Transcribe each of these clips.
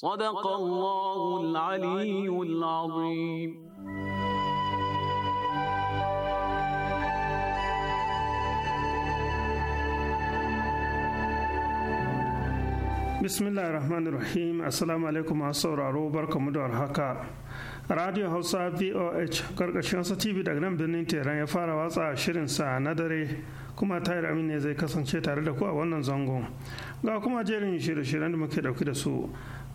صدق الله العلي العظيم bismillah rahman rahim assalamu alaikum masu sauraro barkamu da warhaka radio hausa voh karkashin sa tv daga nan birnin teran ya fara watsa shirin sa na dare kuma Tahir amin ne zai kasance tare da ku a wannan zangon ga kuma jerin shirye-shiryen da muke dauki da su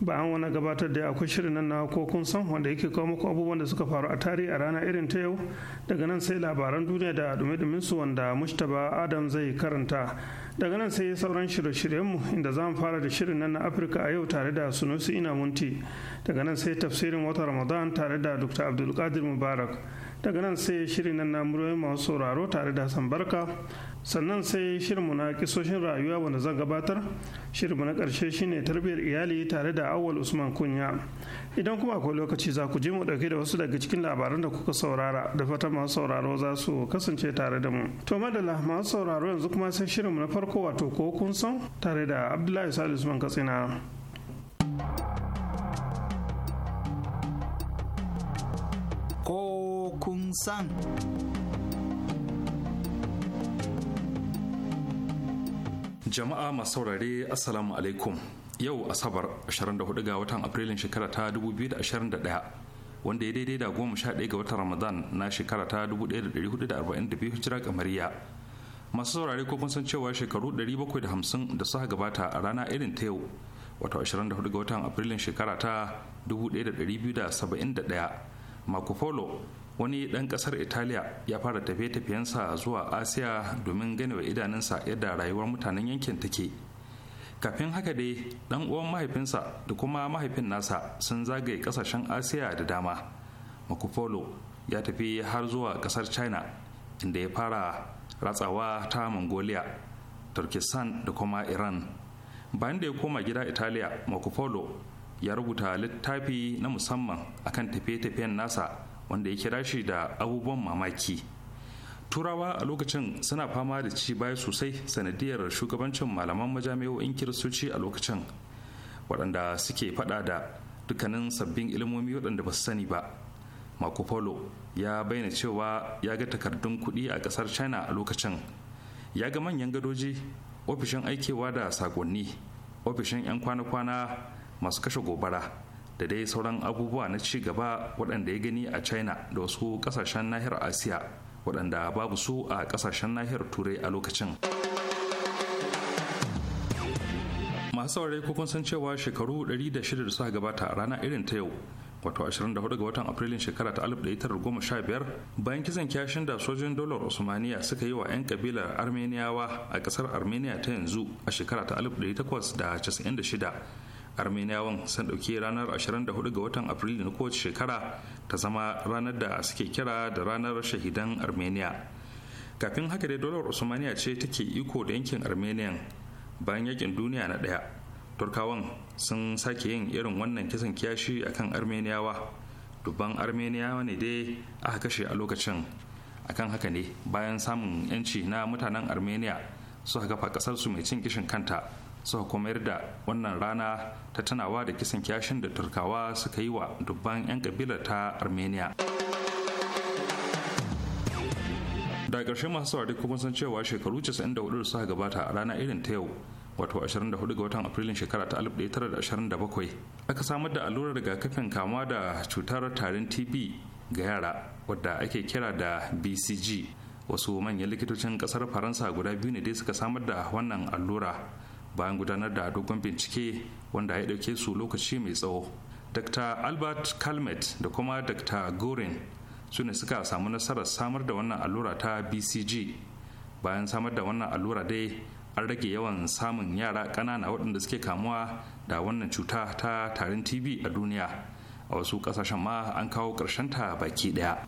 Ba bayan wani gabatar da akwai shirin nan na ko kun san wanda yake kawo muku abubuwan da suka faru a tarihi a rana irin ta yau daga nan sai labaran duniya da dumi su wanda mustaba adam zai karanta daga nan sai sauran shirye-shiryenmu inda za mu fara da shirin nan na afirka a yau tare da sunusi ina munti daga nan sai tafsirin wata ramadan tare da dr abdulkadir mubarak daga nan sai shirin nan na muryoyin masu sauraro tare da Sambarka. sannan sai shirinmu na kisoshin rayuwa wanda zan gabatar shirinmu na ƙarshe shine tarbiyyar iyali tare da awal usman kunya idan kuma akwai lokaci za ku je mu ɗauke da wasu daga cikin labaran da kuka saurara da fata masu sauraro za su kasance tare da mu to madalla masu sauraro yanzu kuma sai shirinmu na farko wato ko kun san tare da abdullahi salisu usman katsina ko kun san jama'a masu saurare assalamu alaikum yau asabar 24 ga watan afrilun shekara ta 2021 wanda ya daidai da 11 ga watan ramadan na shekara ta 1442 hijira kamariya masu saurare ko kun san cewa shekaru 750 da suka gabata a rana irin ta yau wato 24 ga watan afrilun shekara ta 1271 mako polo wani ɗan ƙasar italiya ya fara tafiye-tafiyensa zuwa asiya domin ganewa idanunsa yadda rayuwar mutanen yankin take kafin haka dai ɗan uwan mahaifinsa da kuma mahaifin nasa sun zagaye ƙasashen asiya da dama makufolo ya tafi har zuwa ƙasar china inda ya fara ratsawa ta mongolia turkistan da kuma iran bayan da ya koma gida italiya makufolo ya rubuta littafi na musamman akan tafiye-tafiyen nasa wanda ya kira shi da abubuwan mamaki turawa a lokacin suna fama da ci baya sosai sanadiyar shugabancin malaman majami'o'in kiristoci a lokacin waɗanda suke faɗa da dukkanin sabbin ilimomi waɗanda ba su sani ba marco polo ya bayyana cewa ya ga takardun kuɗi a ƙasar china a lokacin ya ga manyan gadoji ofishin aikewa da sakonni ofishin 'yan kwana-kwana masu kashe gobara da dai sauran abubuwa na ci gaba waɗanda ya gani a china da wasu kasashen nahiyar asiya waɗanda babu su a kasashen nahiyar turai a lokacin masu saurari ko kun san cewa shekaru 106 da suka gabata a rana irin ta yau wato 24 ga watan afrilun shekara ta 1915 bayan kisan kyashin da sojin dolar osmaniya suka yi wa 'yan kabilar armeniyawa a kasar armenia ta yanzu a shekara ta 1896 armeniyawan sun ɗauki ranar 24 ga watan afrilu na kowace shekara ta zama ranar da suke kira da ranar shahidan armeniya kafin haka dai dolar usmaniya ce take iko da yankin armenian bayan yakin duniya na ɗaya turkawan sun sake yin irin wannan kisan kiyashi akan armeniyawa dubban armeniyawa ne dai aka kashe a lokacin akan haka ne bayan samun yanci na mutanen armeniya suka kafa ƙasarsu mai cin kishin kanta suka kuma da wannan rana ta tunawa da kisan kyashin da turkawa suka yi wa dubban 'yan kabilar ta armenia da ƙarshe masu saurari kuma san cewa shekaru 94 suka gabata a rana irin ta yau wato 24 ga watan afrilun shekara ta 1927 aka samar da allurar rigakafin kama da cutar tarin tb ga yara wadda ake kira da bcg wasu manyan likitocin kasar faransa guda biyu ne dai suka samar da wannan allura bayan gudanar da dogon bincike wanda ya ɗauke su lokaci mai tsawo dr albert kalmet da kuma dr gorin su ne suka samu nasarar samar da wannan allura ta bcg bayan samar da wannan allura dai an rage yawan samun yara kanana waɗanda suke kamuwa da wannan cuta ta tarin tb a duniya a wasu ƙasashen ma an kawo ƙarshen ta baki ɗaya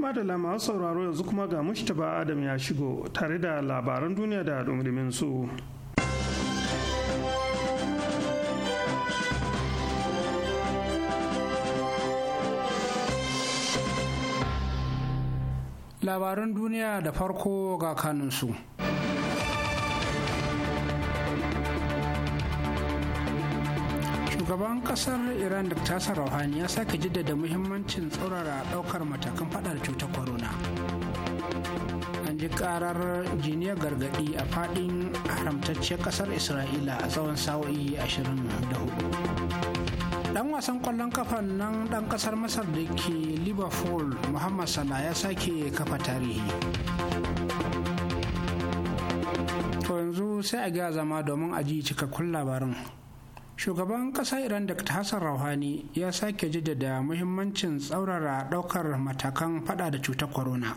da masu sauraro yanzu kuma ga Mustapha adam ya shigo tare da labaran duniya da dumdumin su labaran duniya da farko ga kanunsu shugaban kasar iran da tasar ya sake jaddada muhimmancin tsaurara daukar matakan fadar ji karar jiniyar gargadi a fadin haramtacciyar kasar isra'ila a tsawon sa'o'i 24 dan wasan kwallon kafan nan dan kasar masar da ke liverpool muhammad Sala ya sake kafa tarihi to yanzu sai a ga zama domin aji cikakkun labarin shugaban ƙasar iran dr hassan rauhani ya sake jaddada muhimmancin tsaurara ɗaukar matakan fada da cutar corona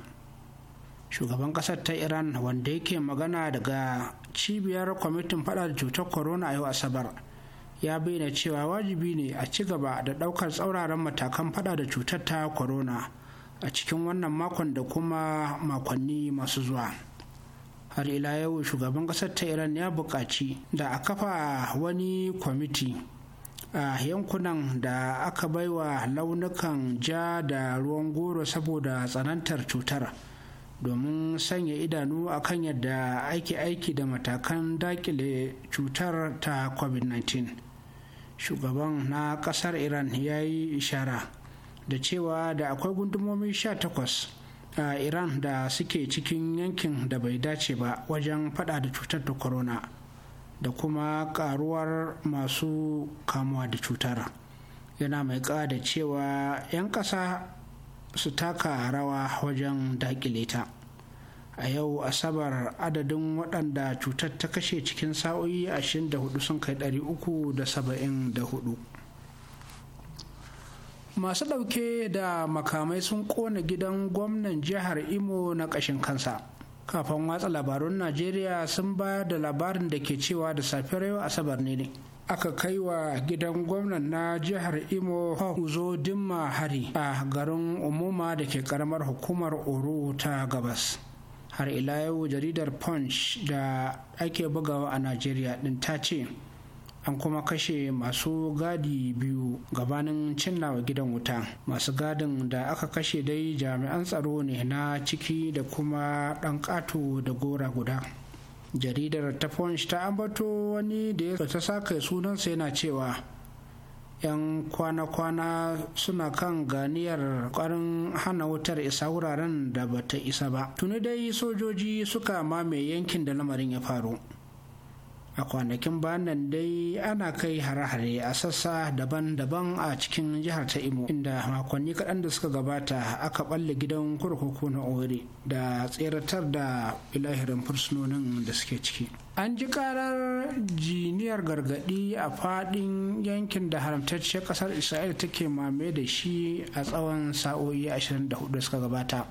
shugaban kasar ta iran wanda yake magana daga cibiyar kwamitin fadar cutar corona a yau asabar ya bayyana cewa wajibi ne a ci gaba da daukar tsauraran matakan fada da cutar ta corona a cikin wannan makon da kuma makonni masu zuwa har ila yau shugaban kasar ta iran ya buƙaci da a kafa wani kwamiti a yankunan da aka baiwa launukan ja da ruwan goro saboda tsanantar cutar. domin sanya idanu a kan yadda ake aiki da matakan dakile cutar ta covid-19 shugaban na kasar iran ya yi ishara da cewa da akwai gundumomi 18 a iran da suke cikin yankin da bai dace ba wajen fada da cutar da corona da kuma karuwar masu kamuwa da cutar yana mai kada cewa 'yan kasa su taka rawa wajen dakile ta a yau asabar adadin waɗanda cutar ta kashe cikin sa'o'i 24 sun kai 374 masu ɗauke da makamai sun ƙona gidan gwamnan jihar imo na ƙashin kansa kafin watsa labarun najeriya sun bayar da labarin da ke cewa da safiyar yau asabar ne ne aka kai wa gidan gwamnan na jihar imo uzo dimma hari a garin umuma da ke karamar hukumar oro ta gabas har ila yau jaridar punch da ake bugawa a najeriya din ta ce an kuma kashe masu gadi biyu gabanin cinnawa gidan wuta masu gadin da aka kashe dai jami'an tsaro ne na ciki da kuma ɗan ƙato da gora guda jaridar ta punch ta ambato wani da ya ta saka sunansa yana cewa 'yan kwana-kwana suna kan ganiyar ƙwarin hana wutar isa wuraren da bata isa ba tuni dai sojoji suka mame yankin da lamarin ya faru a kwanakin banan dai ana kai hare-hare a sassa daban-daban a cikin jihar ta imo inda makonni kaɗan da suka gabata aka balle gidan kurkuku na ori da tseratar da ilahirin fursunonin da suke ciki an ji karar jiniyar gargadi a faɗin yankin da haramtacce ƙasar isra'ila take mame da shi a tsawon sa'o'i 24 da suka gabata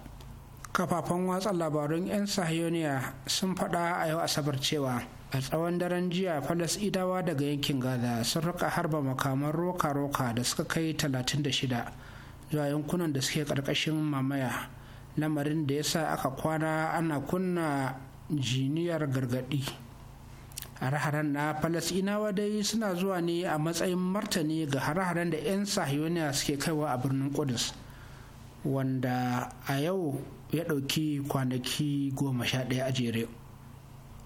kafafen watsa labarun 'yan sahiyoniya sun faɗa a yau asabar cewa a tsawon daren jiya Falasidawa daga yankin gaza sun rika harba makaman roka-roka da suka kai 36 zuwa yankunan da suke ƙarƙashin mamaya lamarin da ya sa aka kwana ana kunna jiniyar gargadi. har na falasinawa dai suna zuwa ne a matsayin martani ga har-haren da 'yan sahiyoniya suke kaiwa a birnin kudus wanda a yau ya ɗauki kwanaki goma sha ɗaya a jere.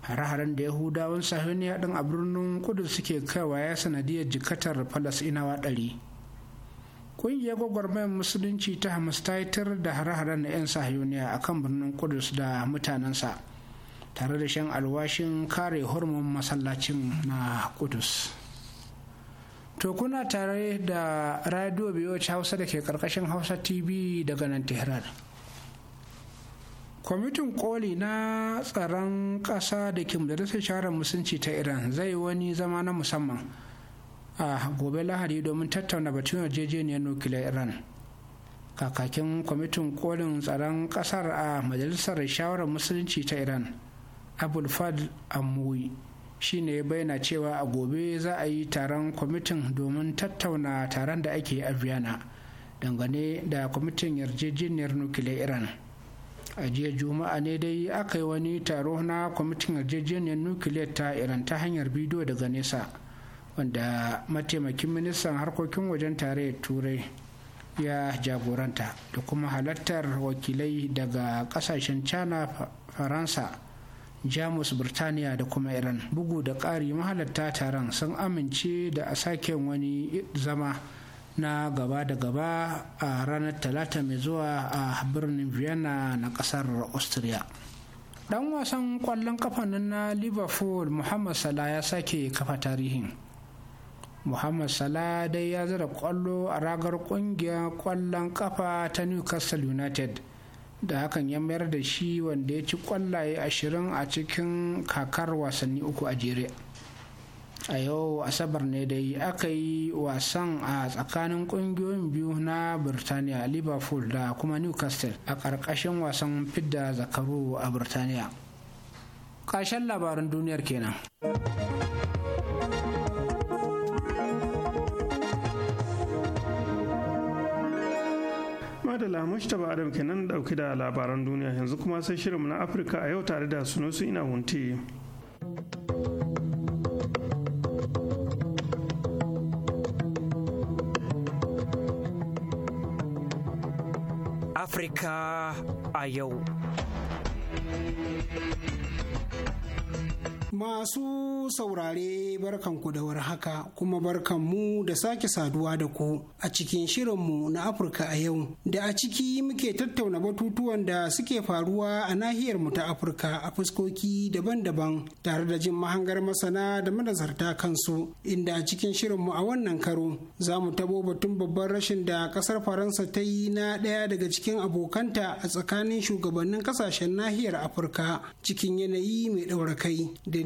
hare-haren da yahudawan sahiniya din a birnin kudu suke kaiwa ya sanadiyar jikatar falasinawa ɗari ƙungiyar gwagwarmayar musulunci ta hamas ta da hare-haren na 'yan sahiyoniya a kan birnin kudus da mutanensa tare da shan alwashin kare hormon masallacin na kudus to kuna tare da radio biyu hausa da ke karkashin hausa tv daga nan tehran kwamitin koli na tsaron ƙasa da ke majalisar shawarar musulunci ta iran zai wani zama na musamman a gobe lahadi domin tattauna batun yarjejeniyar nukiliyar iran kakakin kwamitin kolin tsaron ƙasar a majalisar shawarar musulunci ta iran abulfad amui shi ne bayyana cewa a gobe za a yi taron kwamitin domin tattauna taron da ake a vienna dangane da kwamitin yarjejeniyar nukiliyar iran a jiya juma'a ne dai aka yi wani taro na kwamitin yarjejeniyar nukiliyar ta iran ta hanyar bidiyo daga nesa wanda mataimakin ministan harkokin wajen tarayyar turai ya jagoranta da kuma halartar wakilai daga kasashen china faransa jamus birtaniya da kuma iran bugu da ƙari mahalarta taron sun amince da a sake wani zama na gaba da gaba a ranar talata mai zuwa a birnin vienna na kasar austria dan wasan kwallon kafa na liverpool muhammad salah ya sake kafa tarihin muhammad salah dai ya zara kwallo a ragar kungiyar kwallon kafa ta newcastle united da hakan ya mayar da shi wanda ya ci kwallaye ashirin a cikin kakar wasanni uku a jere. a yau asabar ne dai aka yi wasan a tsakanin kungiyoyin biyu na birtaniya liverpool da kuma newcastle a ƙarƙashin wasan fidda zakaru a birtaniya ƙarshen labarin duniyar kenan madala mustapha adam kenan dauke da labaran duniya yanzu kuma sai shirinmu na afirka a yau tare da sunusu ina wunti. Afirka a yau. Masu saurare barkanku da warhaka kuma barkanmu da sake saduwa da ku a cikin shirinmu na Afirka a yau da a ciki muke tattauna batutuwan da suke faruwa a nahiyar mu ta Afirka a fuskoki daban-daban tare da jin mahangar masana da manazarta kansu inda a cikin shirinmu a wannan karo za mu tabo batun babban rashin da kasar Faransa ta yi na ɗaya daga cikin abokanta a tsakanin shugabannin kasashen nahiyar Afirka cikin yanayi mai ɗaura kai da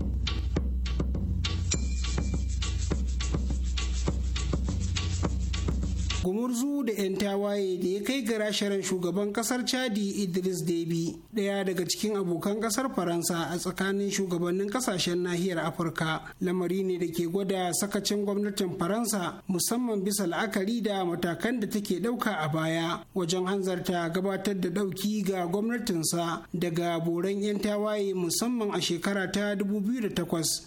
gumurzu da 'yan tawaye da ya kai ga rasharen shugaban kasar chadi idris debi daya daga cikin abokan kasar faransa a tsakanin shugabannin kasashen nahiyar afirka lamari ne da ke gwada sakacin gwamnatin faransa musamman bisa la'akari da matakan da take ɗauka a baya wajen hanzarta gabatar da ɗauki ga gwamnatinsa daga boran 'yan tawaye musamman a shekara ta 2008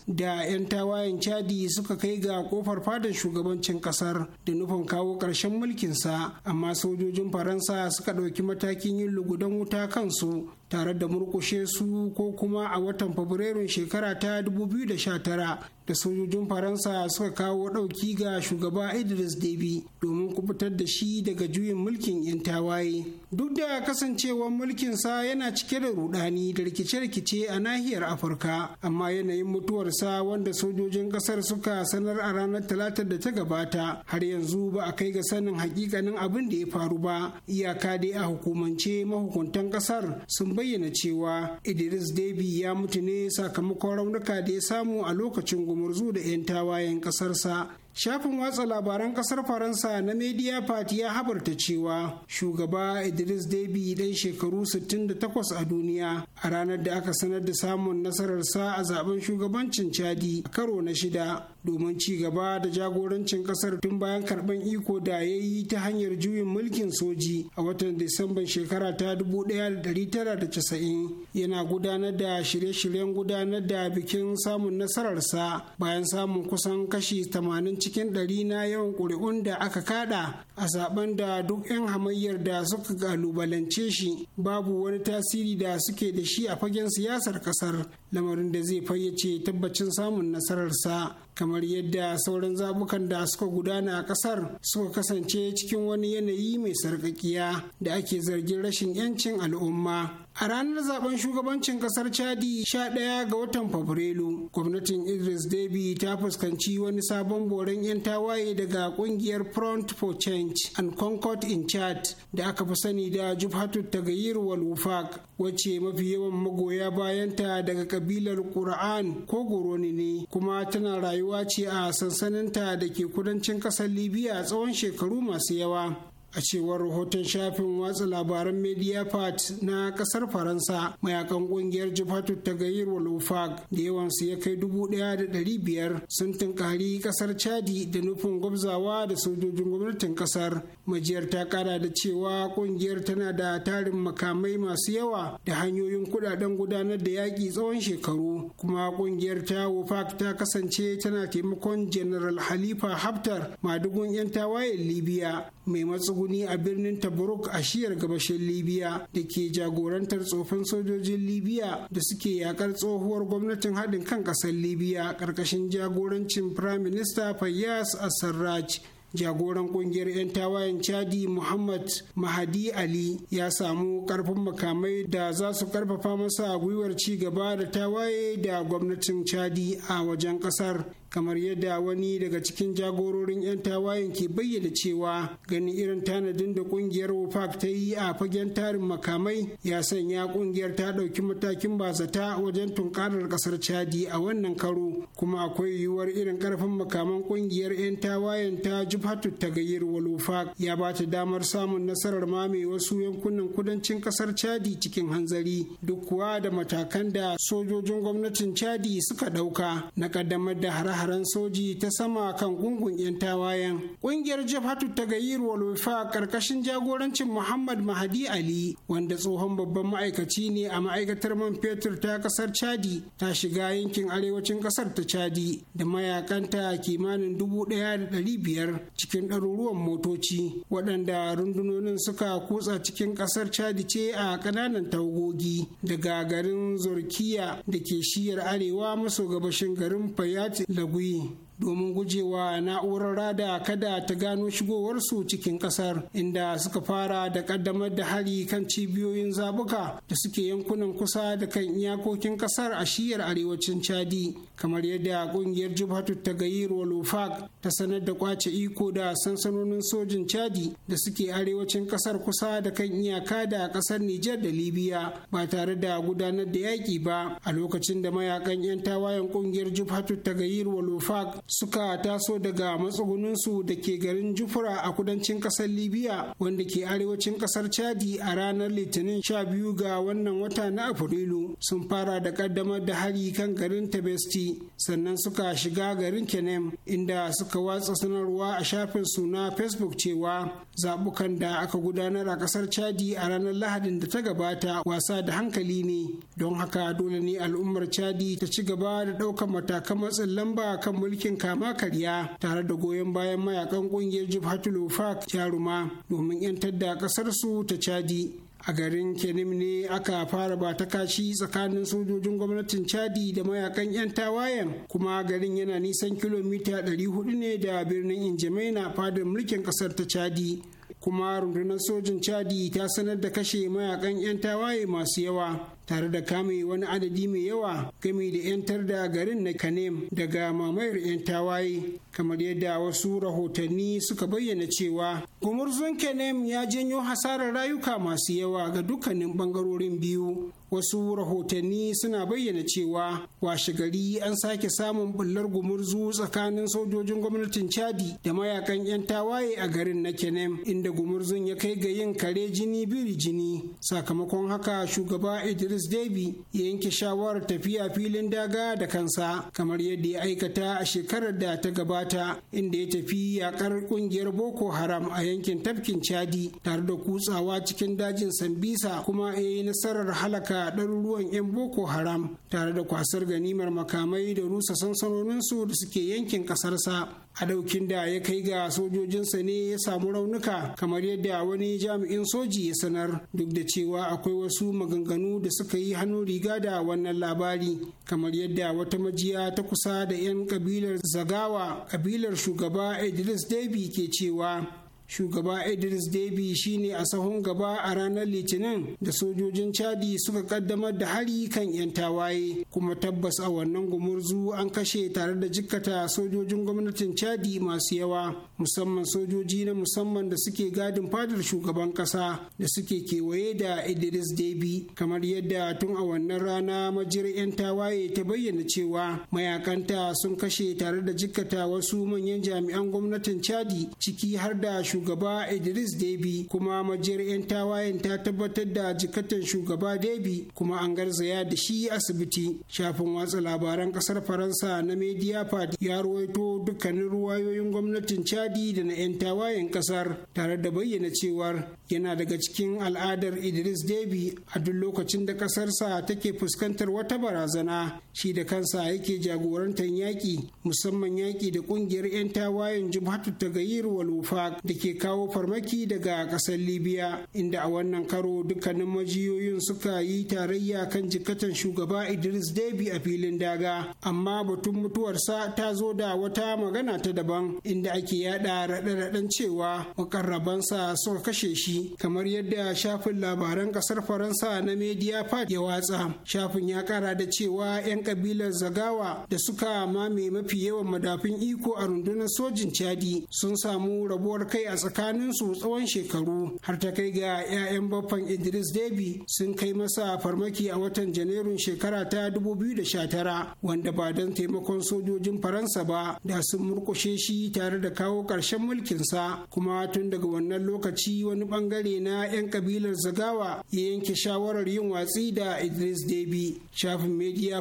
da 'yan tawayen chadi suka kai ga kofar fadar shugabancin kasar da nufin kawo ƙarshen ƙarshen mulkinsa amma sojojin faransa suka ɗauki matakin yin lugudan wuta kansu tare da murkushe su ko kuma a watan fabrairun shekara ta 2019 da sojojin faransa suka kawo ɗauki ga shugaba idris debi domin kubutar da shi daga juyin mulkin 'yan tawaye duk da kasancewar mulkinsa yana cike da rudani da rikice-rikice a nahiyar afirka amma yanayin mutuwarsa wanda sojojin kasar suka sanar a ranar talatar da ta gabata har yanzu ba a kai ga sanin hakikanin abin da ya faru ba iyaka dai a hukumance mahukuntan kasar sun bayyana cewa idris debi ya mutu ne sakamakon raunuka da ya samu a lokacin gumurzu da 'yan tawayen ƙasarsa Shafin watsa labaran kasar Faransa na Media Party ya habarta cewa shugaba Idris Deby dan shekaru 68 a duniya a ranar da aka sanar da samun nasararsa a zaben shugabancin Chadi a karo na shida domin ci gaba da jagorancin kasar tun bayan karban iko da ya yi ta hanyar juyin mulkin soji a watan Disamban shekara ta 1990 yana gudanar da shirye-shiryen gudanar da bikin samun nasararsa bayan samun kusan kashi 80 cikin ɗari na yawan ƙuri'un da aka kada a saɓan da duk 'yan hamayyar da suka kalubalance shi babu wani tasiri da suke da shi a fagen siyasar ƙasar lamarin da zai fayyace tabbacin samun nasararsa kamar yadda sauran zabukan da suka gudana a kasar suka kasance cikin wani yanayi mai sarƙaƙiya da ake zargin rashin 'yancin al'umma A ranar zaben shugabancin kasar Chadi sha 11 ga watan Fabrairu, gwamnatin Idris debi ta fuskanci wani sabon boren 'yan tawaye daga kungiyar Front for Change and Concord in Chad da aka fi sani da Jubhatu Tagayir wal Wufaq, wacce mafi yawan magoya bayanta daga kabilar Qur'an ko Goroni ne, kuma tana rayuwa rayuwa ce a sansaninta da ke kudancin ƙasar libya tsawon shekaru masu yawa a cewar rahoton shafin watsa labaran mediapart na kasar faransa mayakan kungiyar jifatu ta gayir walofag da yawansu ya kai dubu daya da dari biyar sun tunkari kasar chadi da nufin gwabzawa da sojojin gwamnatin kasar majiyar ta kara da cewa kungiyar tana da tarin makamai masu yawa da hanyoyin kudaden gudanar da yaƙi tsawon shekaru kuma kungiyar ta wofag ta kasance tana taimakon general halifa haftar madugun 'yan tawayen libya mai matsuguni a birnin tabaruk a shiyar gabashin libya da ke jagorantar tsofin sojojin libya da suke yakar tsohuwar gwamnatin haɗin kan ƙasar libya ƙarƙashin jagorancin prime minister fayyaz Sarraj, jagoran kungiyar 'yan tawayen chadi muhammad mahadi ali ya samu karfin makamai da za su karfafa masa gwiwar ci gaba da tawaye da gwamnatin chadi a wajen kasar kamar yadda wani daga cikin jagororin 'yan tawayen ke bayyana cewa gani irin tanadin da kungiyar wofak ta yi a fagen tarin makamai ya sanya kungiyar ta ɗauki matakin bazata wajen tunkarar ƙasar chadi a wannan karo kuma akwai yiwuwar irin ƙarfin makaman kungiyar 'yan tawayen ta jubhatu ta gayyar walofak ya ba ta damar samun nasarar mame wasu yankunan kudancin ƙasar chadi cikin hanzari duk kuwa da matakan da sojojin gwamnatin chadi suka ɗauka na ƙaddamar da hare hare soji ta sama kan gungun 'yan tawayen ƙungiyar jabhatu ta gayyir walwifa ƙarƙashin jagorancin muhammad mahadi ali wanda tsohon babban ma'aikaci ne a ma'aikatar man fetur ta kasar chadi ta shiga yankin arewacin ƙasar ta chadi da mayakanta kimanin dubu ɗaya da ɗari biyar cikin ɗaruruwan motoci waɗanda rundunonin suka kutsa cikin ƙasar chadi ce a ƙananan tawagogi daga garin zorkiya da ke shiyar arewa maso gabashin garin fayat da 归。domin gujewa na'urar rada kada ta gano shigowarsu cikin kasar inda suka fara da kaddamar da hari kan cibiyoyin zabuka da suke yankunan kusa da kan iyakokin kasar a shiyar arewacin chadi kamar yadda kungiyar jibhatu ta gayir Walufak ta sanar da kwace iko da sansanonin sojin chadi da suke arewacin kasar kusa da kan iyaka da kasar nijar da libya ba tare da gudanar da yaƙi ba a lokacin da mayakan 'yan tawayen kungiyar jibhatu ta gayir Walufak. suka taso daga matsugunansu da ke garin jufura a kudancin kasar libya wanda ke arewacin kasar chadi a ranar litinin sha biyu ga wannan wata na afrilu sun fara da kaddamar da hari kan garin tabesti sannan suka shiga garin kenem inda suka watsa sanarwa a shafin suna facebook cewa zabukan da aka gudanar a kasar chadi a ranar lahadin da ta gabata wasa da hankali ne don haka dole ne al'ummar chadi ta ci gaba da ɗaukar matakan matsin lamba kan mulkin yin kama karya tare da goyon bayan mayakan kungiyar jibhatul wafak jaruma domin 'yantar da kasarsu ta chadi a garin kenim ne aka fara ba ta kashi tsakanin sojojin gwamnatin chadi da mayakan 'yan tawayen kuma garin yana nisan kilomita 400 ne da birnin injamena fadar mulkin kasar ta chadi kuma rundunar sojin chadi ta sanar da kashe mayakan 'yan tawaye masu yawa tare da kame wani adadi mai yawa game da 'yantar da garin na kanem daga mamayar 'yan tawaye kamar yadda wasu rahotanni suka bayyana cewa gumurzun kanem ya janyo hasarar rayuka masu yawa ga dukkanin bangarorin biyu wasu rahotanni suna bayyana cewa washe gari an sake samun bullar gumurzu tsakanin sojojin gwamnatin chadi da mayakan 'yan tawaye a garin na kenem inda gumurzun ya kai ga yin kare jini biri jini sakamakon haka shugaba idris idris davy ya yanke shawarar tafiya filin daga da kansa kamar yadda ya aikata a shekarar da ta gabata inda ya tafi yakar kungiyar boko haram a yankin tafkin chadi tare da kutsawa cikin dajin sambisa kuma ya yi nasarar halaka ɗaruruwan 'yan boko haram tare da kwasar ganimar makamai da rusa sansanoninsu da suke yankin ƙasarsa a ɗaukin da ya kai ga sojojinsa ne ya samu raunuka kamar yadda wani jami'in soji ya sanar duk da cewa akwai wasu maganganu da suka yi hannu riga da wannan labari kamar yadda wata majiya ta kusa da 'yan kabilar zagawa kabilar shugaba idris debi ke cewa shugaba idris debi shine a sahun gaba a ranar litinin da sojojin chadi suka kaddamar da hari kan 'yan tawaye kuma tabbas a wannan gumurzu an kashe tare da jikkata sojojin gwamnatin chadi masu yawa musamman sojoji na musamman da suke gadin fadar shugaban kasa da suke kewaye da idris debi kamar yadda tun a wannan rana majiyar 'yan tawaye ta bayyana cewa mayakanta sun kashe tare da jikkata wasu manyan jami'an gwamnatin chadi ciki har da shugaba idris debi kuma majiyar 'yan tawayen ta tabbatar da jikatan shugaba debi kuma an garzaya da shi asibiti shafin watsa labaran kasar faransa na Media mediapart ya ruwaito dukkanin ruwayoyin gwamnatin chadi da na 'yan tawayen kasar tare da bayyana cewar yana daga cikin al'adar idris debi a duk lokacin da kasarsa take fuskantar wata barazana shi da kansa yake jagorantar yaƙi musamman yaƙi da ƙungiyar 'yan tawayen jumhatu tagayir wal da ke kawo farmaki daga ƙasar libya inda a wannan karo dukkanin majiyoyin suka yi tarayya kan jikatan shugaba idris debi a filin daga amma batun mutuwarsa ta zo da wata magana ta daban inda ake yada raɗe-raɗen cewa makarrabansa suka kashe shi kamar yadda shafin labaran ƙasar faransa na Media mediapart ya watsa shafin ya ƙara da cewa 'yan ƙabilar zagawa da suka mame mafi yawan madafin iko a rundunar sojin chadi sun samu rabuwar kai a a tsakanin su tsawon shekaru har ta kai ga 'ya'yan baffan Idris Deby sun kai masa farmaki a watan Janairun shekara ta 2019 wanda ba don taimakon sojojin Faransa ba da sun murkushe shi tare da kawo ƙarshen mulkinsa kuma tun daga wannan lokaci wani bangare na 'yan kabilar Zagawa ya yanke shawarar yin watsi da Idris Deby. Shafin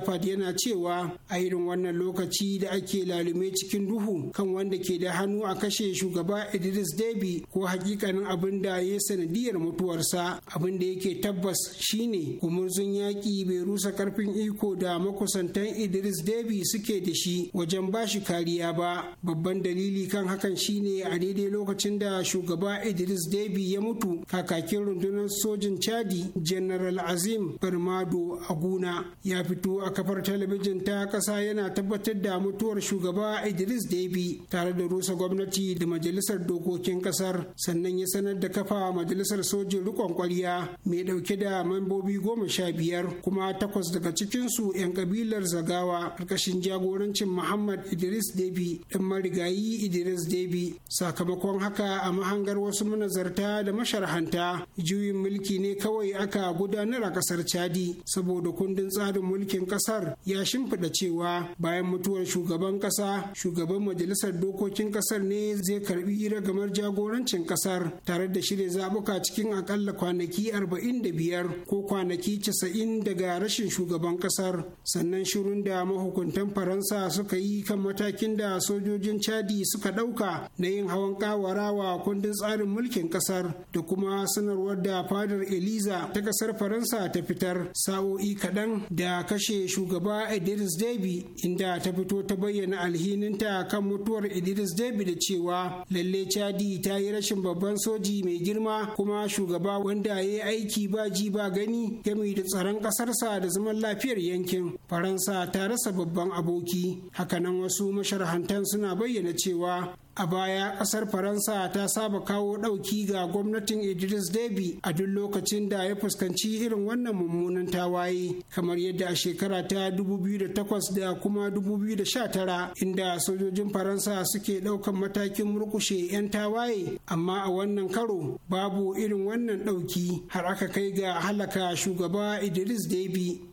fad yana cewa a irin wannan lokaci da ake lalume cikin duhu kan wanda ke da hannu a kashe shugaba Idris Deby debi ko hakikanin abin da ya sanadiyar mutuwarsa abin da yake tabbas shine gumurzun yaƙi bai rusa karfin iko da makusantan idris debi suke da shi wajen ba shi kariya ba babban dalili kan hakan shine a daidai lokacin da shugaba idris debi ya mutu kakakin rundunar sojin chadi general azim barmado aguna ya fito a kafar talabijin ta ƙasa yana tabbatar da mutuwar shugaba idris debi tare da rusa gwamnati da majalisar dokokin dokokin kasar sannan ya sanar da kafa majalisar sojin rikon kwariya mai dauke da mambobi goma sha biyar kuma takwas daga cikinsu 'yan kabilar zagawa karkashin jagorancin muhammad idris debi dan marigayi idris debi sakamakon haka a mahangar wasu manazarta da masharhanta juyin mulki ne kawai aka gudanar a kasar chadi saboda kundin tsarin mulkin kasar ya shimfiɗa cewa bayan mutuwar shugaban kasa shugaban majalisar dokokin kasar ne zai karbi ragamar jagorancin kasar tare da shirya zabuka cikin akalla kwanaki 45 ko kwanaki 90 daga rashin shugaban kasar sannan shirun da mahukuntan faransa suka yi kan matakin da sojojin chadi suka ɗauka na yin hawan ƙawarawa kundin tsarin mulkin kasar da kuma sanarwar da fadar eliza ta kasar faransa ta fitar sa'o'i kaɗan da kashe shugaba idris debi inda ta fito ta bayyana alhininta kan mutuwar idris debi da cewa lalle chadi ta yi rashin babban soji mai girma kuma shugaba wanda ya yi aiki ba ji ba gani game da tsaron ƙasarsa da zaman lafiyar yankin faransa ta rasa babban aboki hakanan wasu masharhantan suna bayyana cewa A baya ƙasar Faransa ta saba kawo ɗauki ga gwamnatin Idris Deby a duk lokacin da ya fuskanci irin wannan mummunan tawaye kamar yadda a shekara ta 2008 da kuma 2019 inda sojojin Faransa suke ɗaukan matakin murkushe 'yan tawaye amma a wannan karo babu irin wannan ɗauki har aka kai ga halaka shugaba Idris Deby.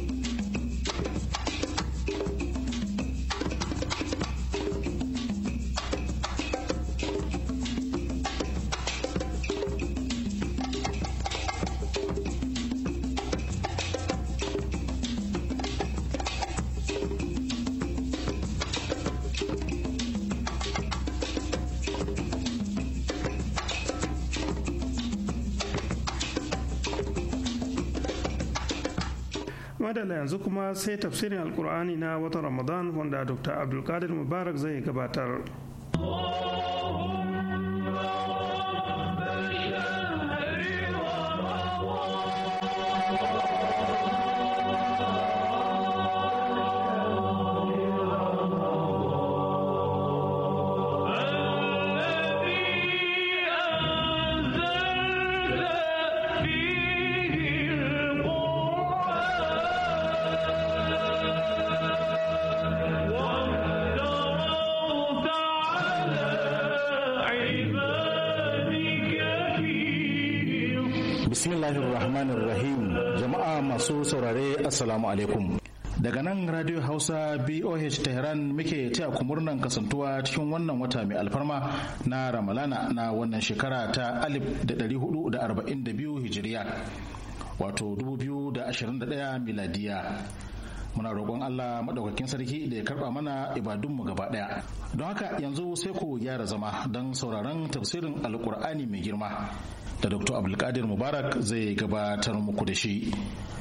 madalla yanzu kuma sai tafsirin alkur'ani na watan ramadan wanda dr abdulkadir mubarak zai gabatar masu saurare assalamu alaikum daga nan radio hausa boh tehran muke taya ku murnan kasantuwa cikin wannan wata mai alfarma na ramalana na wannan shekara ta 1442 hijiriya wato 2021 miladiya muna roƙon Allah maɗaukakin sarki da ya karɓa mana ibadunmu gaba ɗaya. Don haka yanzu sai ku gyara zama don sauraron tafsirin Alƙur'ani mai girma da Dr. Abdulkadir Mubarak zai gabatar muku da shi.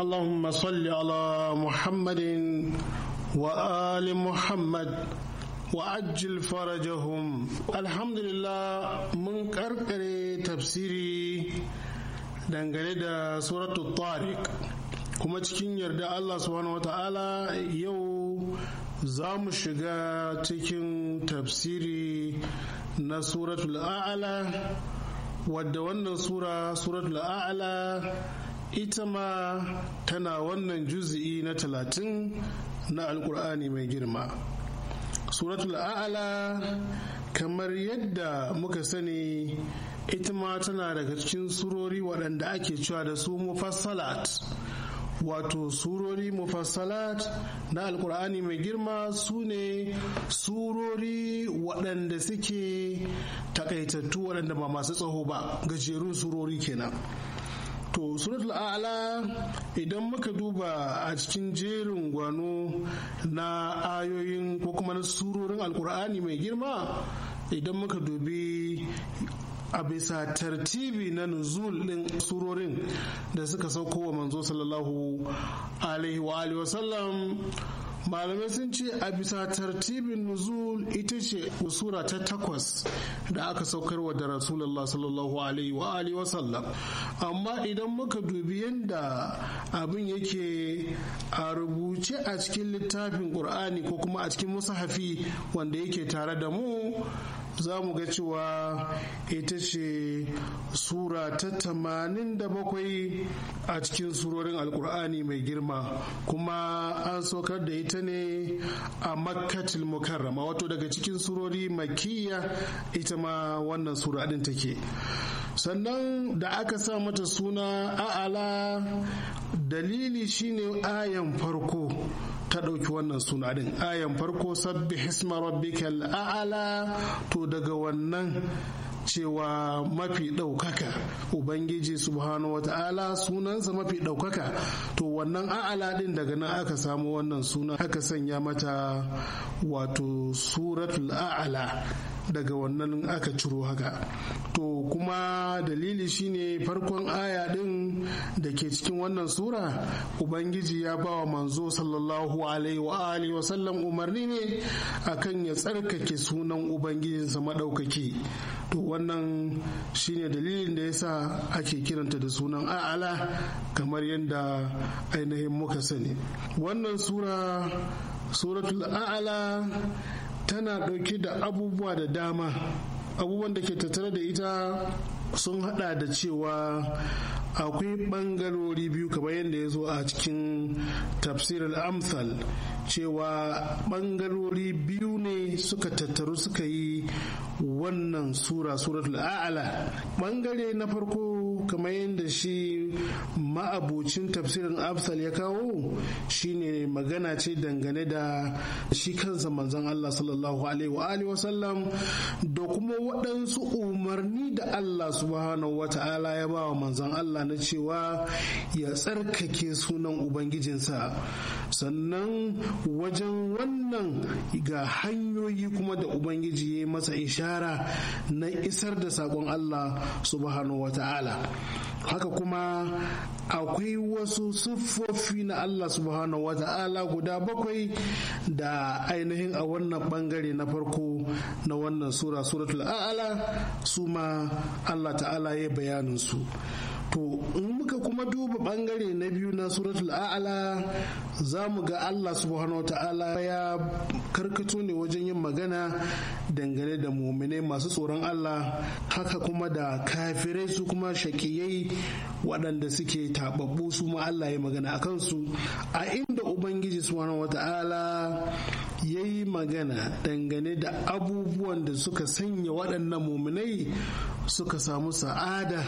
اللهم صل على محمد وآل محمد وعجل فرجهم الحمد لله من كركر تفسيري dangane da suratul tariq kuma cikin yarda Allah subhanahu wata'ala yau za mu shiga cikin tafsiri na suratul a'ala wadda wannan sura suratul a'ala ita ma tana wannan juzi'i na talatin na alkur'ani mai girma suratul a'ala kamar yadda muka sani ita ma tana daga cikin surori waɗanda ake cewa da su mufassalat wato surori mufassalat na alkur'ani mai girma su ne surori waɗanda suke takaitattu waɗanda ba masu tsaho ba gajerun surori kenan to suratul a'la idan muka duba a cikin jerin gwano na ayoyin ko kuma na surorin alkur'ani mai girma idan muka dubi a bisa tartibi na nuzul din surorin da suka sauko wa manzo sallallahu alaihi wa sallam malamai sun ce a bisa tartibin nuzul ita ce usura ta takwas da aka wa da rasulullah sallallahu alaihi wa alihi wa sallam amma idan muka dubi yadda abin yake a rubuce a cikin littafin qur'ani ko kuma a cikin musahafi wanda yake tare da mu za mu ga cewa ita ce sura ta tamanin da bakwai a cikin surorin alkur'ani mai girma kuma an saukar da ita ne a makkatul mukarrama wato daga cikin surori makiyya ita ma wannan sura ɗin take sannan da aka sa mata suna a'ala dalili shine ayan farko ta ɗauki wannan suna ɗin ayan farko sabbi hisma rabbikal a'ala to daga wannan cewa mafi ɗaukaka ubangiji subhanahu wa ta'ala sunansa mafi ɗaukaka to wannan a'ala ɗin daga nan aka samu wannan suna aka sanya mata wato suratul a'ala daga wannan aka ciro haka to kuma dalili shine farkon aya din da ke cikin wannan sura ubangiji ya ba wa manzo sallallahu alaihi wa alihi umarni ne akan ya tsarkake sunan ubangijinsa maɗaukaki to wannan shine dalilin da yasa ake kiranta da sunan a'ala kamar yadda ainihin muka sani wannan sura suratul a'ala tana ɗauke da abubuwa da dama abubuwan da ke tattare da ita sun hada da cewa akwai bangarori biyu kamar yadda ya zo a cikin tafsir al-amsal cewa bangarori biyu ne suka tattaru suka yi wannan sura suratul a'ala bangare na farko kamar yadda shi ma'abucin tafsirin amsal ya kawo shine magana ce dangane da shi kansa manzon Allah sallallahu alaihi wa wasallam da kuma waɗansu umarni da Allah subhanahu wa ta'ala ya ba wa manzon Allah na cewa ya tsarkake sunan ubangijinsa sannan wajen wannan ga hanyoyi kuma da ubangiji ya masa ishara na isar da saƙon Allah subhanahu wa ta'ala haka kuma akwai wasu siffofi na Allah subhanahu wa ta'ala guda bakwai da ainihin a wannan bangare na farko na wannan sura suratul a'ala su ma Allah ta'ala ya bayanin su to in muka kuma duba bangare na biyu na suratul a'ala za mu ga allah subhanahu wa ta'ala ya karkato ne wajen yin magana dangane da muminai masu tsoron allah haka kuma da kafirai su kuma shakiyai waɗanda suke taɓaɓɓu su ma allah ya magana a kansu a inda ubangiji subhanahu wa ta'ala ya yi magana dangane da abubuwan da suka sanya waɗannan muminai suka samu sa'ada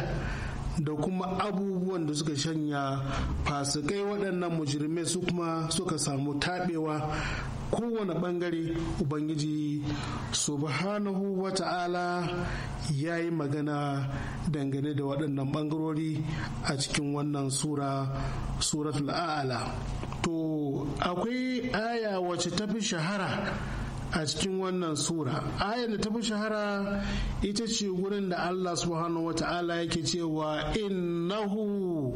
da kuma abubuwan da suka shanya fasikai waɗannan mujirmai su kuma suka samu taɓewa kowane ɓangare ubangiji subhanahu wa ta'ala ya yi magana dangane da waɗannan ɓangarori a cikin wannan sura suratul a'ala to akwai aya wacce ta fi shahara a cikin wannan sura ayar da ta fi shahara ita ce gurin da Allah subhanahu wata'ala yake cewa innahu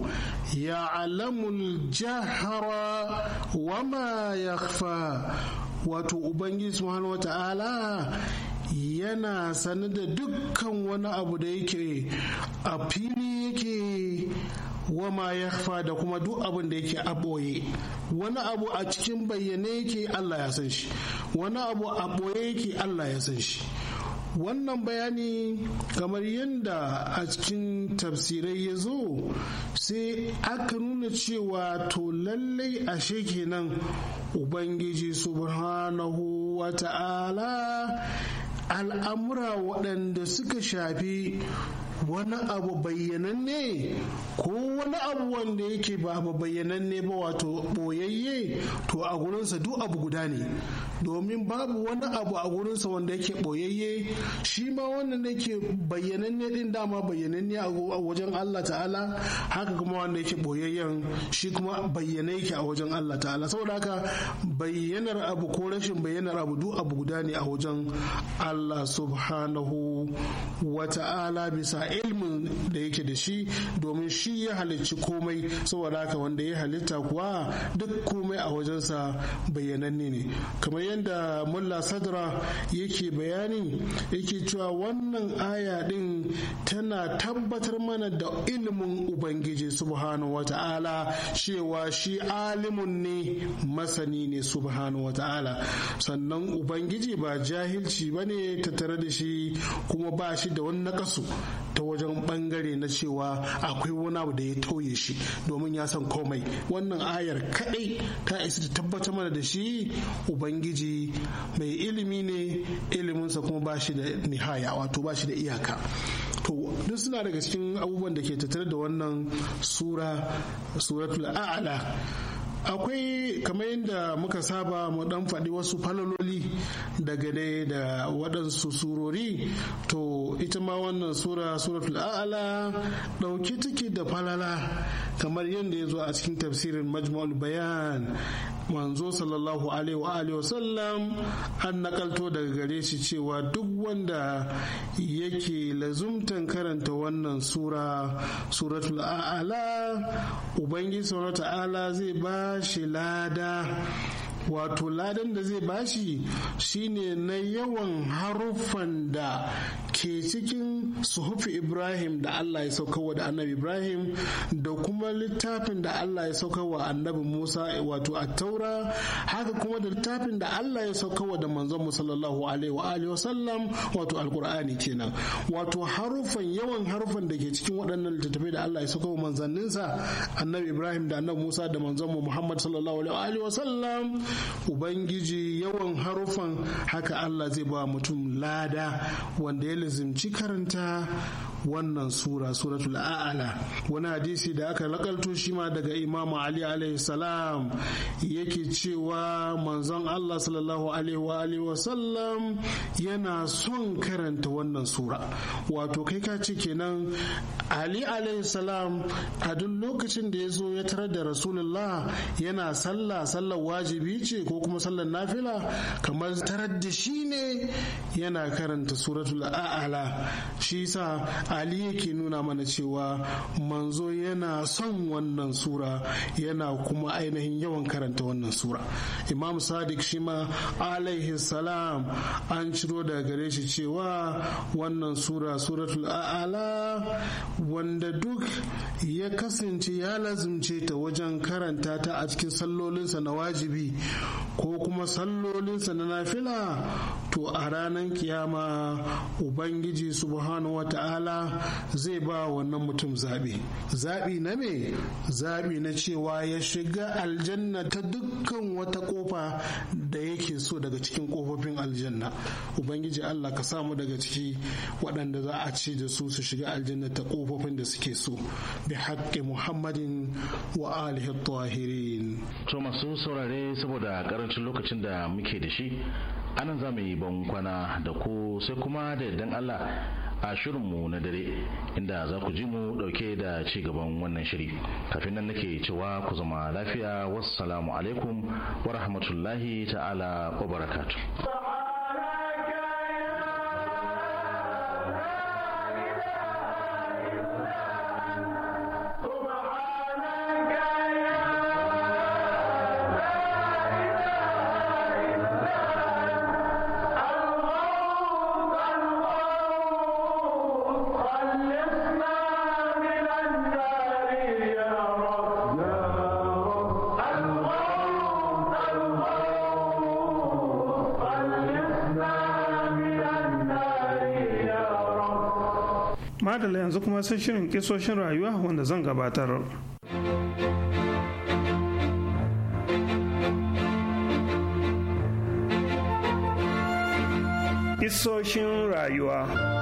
alamul jahara wa ma fa. wato ubangiji subhanahu wata'ala yana sanar da dukkan wani abu da yake a fili yake wama fa da kuma duk abin da yake a wani abu a cikin bayyane yake Allah ya san shi wani abu a ɓoye yake Allah ya san shi wannan bayani kamar yadda a cikin tafsirai ya zo sai aka nuna cewa to lallai ashe nan ubangiji subhanahu wa ta'ala al'amura waɗanda suka shafi wani abu bayyananne ko wani abu wanda yake ba abu bayyananne ba wato boyayye to a gurinsa duk abu guda ne domin babu wani abu a gurinsa wanda yake boyayye shi ma wannan da yake bayyananne din dama bayyananne a wajen Allah ta'ala haka kuma wanda yake boyayyen shi kuma bayyana yake a wajen Allah ta'ala saboda haka bayyanar abu ko rashin bayyanar abu duk abu guda ne a wajen Allah subhanahu wa ta'ala bisa ilmin da yake da shi domin shi ya halicci komai saboda haka wanda ya halitta kuwa duk komai a wajensa bayyananne ne kamar yadda mulla sadra yake bayani yake cewa wannan aya din tana tabbatar mana da ilmin ubangiji subhanahu wata'ala cewa shi alimun ne masani ne subhanahu wata'ala sannan ubangiji ba jahilci ba ne tattare da shi kuma ba shi da wani nakasu ta wajen bangare na cewa akwai wani abu da ya tauye shi domin ya san komai wannan ayar kadai ta isa ta tabbatar mana da shi ubangiji mai ilimi ne iliminsa kuma ba shi da nihaya wato ba shi da iyaka to duk suna daga cikin abubuwan da ke tattare da wannan sura suratul a'la akwai kamar yadda muka saba mu dan faɗi wasu falaloli daga dai da waɗansu surori to ita ma wannan sura suratul a'ala ɗauki tiki da falala kamar yadda ya zo a cikin tafsirin Majmal bayan manzo sallallahu alaihi wa alihi wasallam an nakalto daga gare shi cewa duk wanda yake lazumtan karanta wannan sura suratul a'la ubangiji sura ta'ala zai ba shi lada wato ladan da zai bashi shine na yawan haruffan da ke cikin suhufi ibrahim da allah ya saukawa da annabi ibrahim da kuma littafin da allah ya wa annabi musa wato a taura haka kuma da littafin da allah ya wa da manzon mu sallallahu alaihi wa sallam, wasallam wato alkur'ani kenan wato haruffan yawan haruffan da ke cikin waɗannan littattafai da allah ya saukawa manzanninsa annabi ibrahim da annabi musa da manzon mu muhammad sallallahu alaihi wa sallam. wasallam ubangiji yawan harufan haka allah zai ba mutum lada wanda ya lazimci karanta wannan sura suratul a'ala wani hadisi da aka lakalto shi ma daga imamu ali alaihi salam yake cewa manzon allah sallallahu alaihi wa sallam yana son karanta wannan sura wato kai ka ce kenan ali alaihi salam a duk lokacin da ya zo ya tarar da rasulullah yana sallah sallar wajibi ce ko kuma sallar nafila kamar tarar da shi ne yana karanta suratul a'ala shi sa ali yake nuna mana cewa manzo yana son wannan sura yana kuma ainihin yawan karanta wannan sura imam sadiq shi ma alaihi salam an ciro da gare shi cewa wannan sura suratul a'ala wanda duk ya kasance ya lazimce ta wajen karanta ta a cikin sallolinsa na wajibi ko kuma sallolinsa na nafila to a ranar kiyama ubangiji subhanahu wa ta'ala zai ba wannan mutum zaɓi zaɓi na me zaɓi na cewa ya shiga aljanna ta dukkan wata ƙofa da yake so daga cikin ƙofofin aljanna ubangiji allah ka samu daga ciki waɗanda za a ce da su su shiga aljanna ta ƙofofin da suke so bi haƙƙi muhammadin wa alihi to masu saurare saboda karancin lokacin da muke da shi anan za mu yi ban kwana da ku sai kuma da yardan allah a shirinmu na dare inda za ku ji mu dauke da ci gaban wannan shiri kafin nan nake cewa ku zama lafiya wassalamu alaikum wa rahmatullahi ta'ala wa barakatuh wasu shirin kisoshin rayuwa wanda zan gabatar. Kisoshin rayuwa.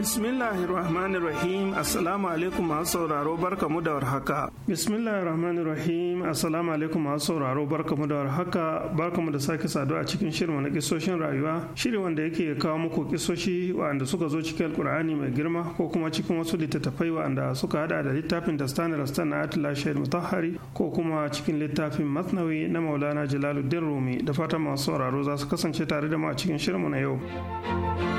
Bismillahirrahmanirrahim Assalamu alaikum masu sauraro barkamu da warhaka. Bismillahirrahmanirrahim Assalamu alaikum masu sauraro barkamu da warhaka barkamu da sake saduwa a cikin shirin na kisoshin rayuwa shiri wanda yake kawo muku kisoshi wanda suka zo cikin alkur'ani mai girma ko kuma cikin wasu littattafai wanda suka hada da littafin Dastan Rastan na Atila Shahid Mutahhari ko kuma cikin littafin Masnawi na Maulana Jalaluddin Rumi da fatan masu sauraro za su kasance tare da mu a cikin shirin mu na yau.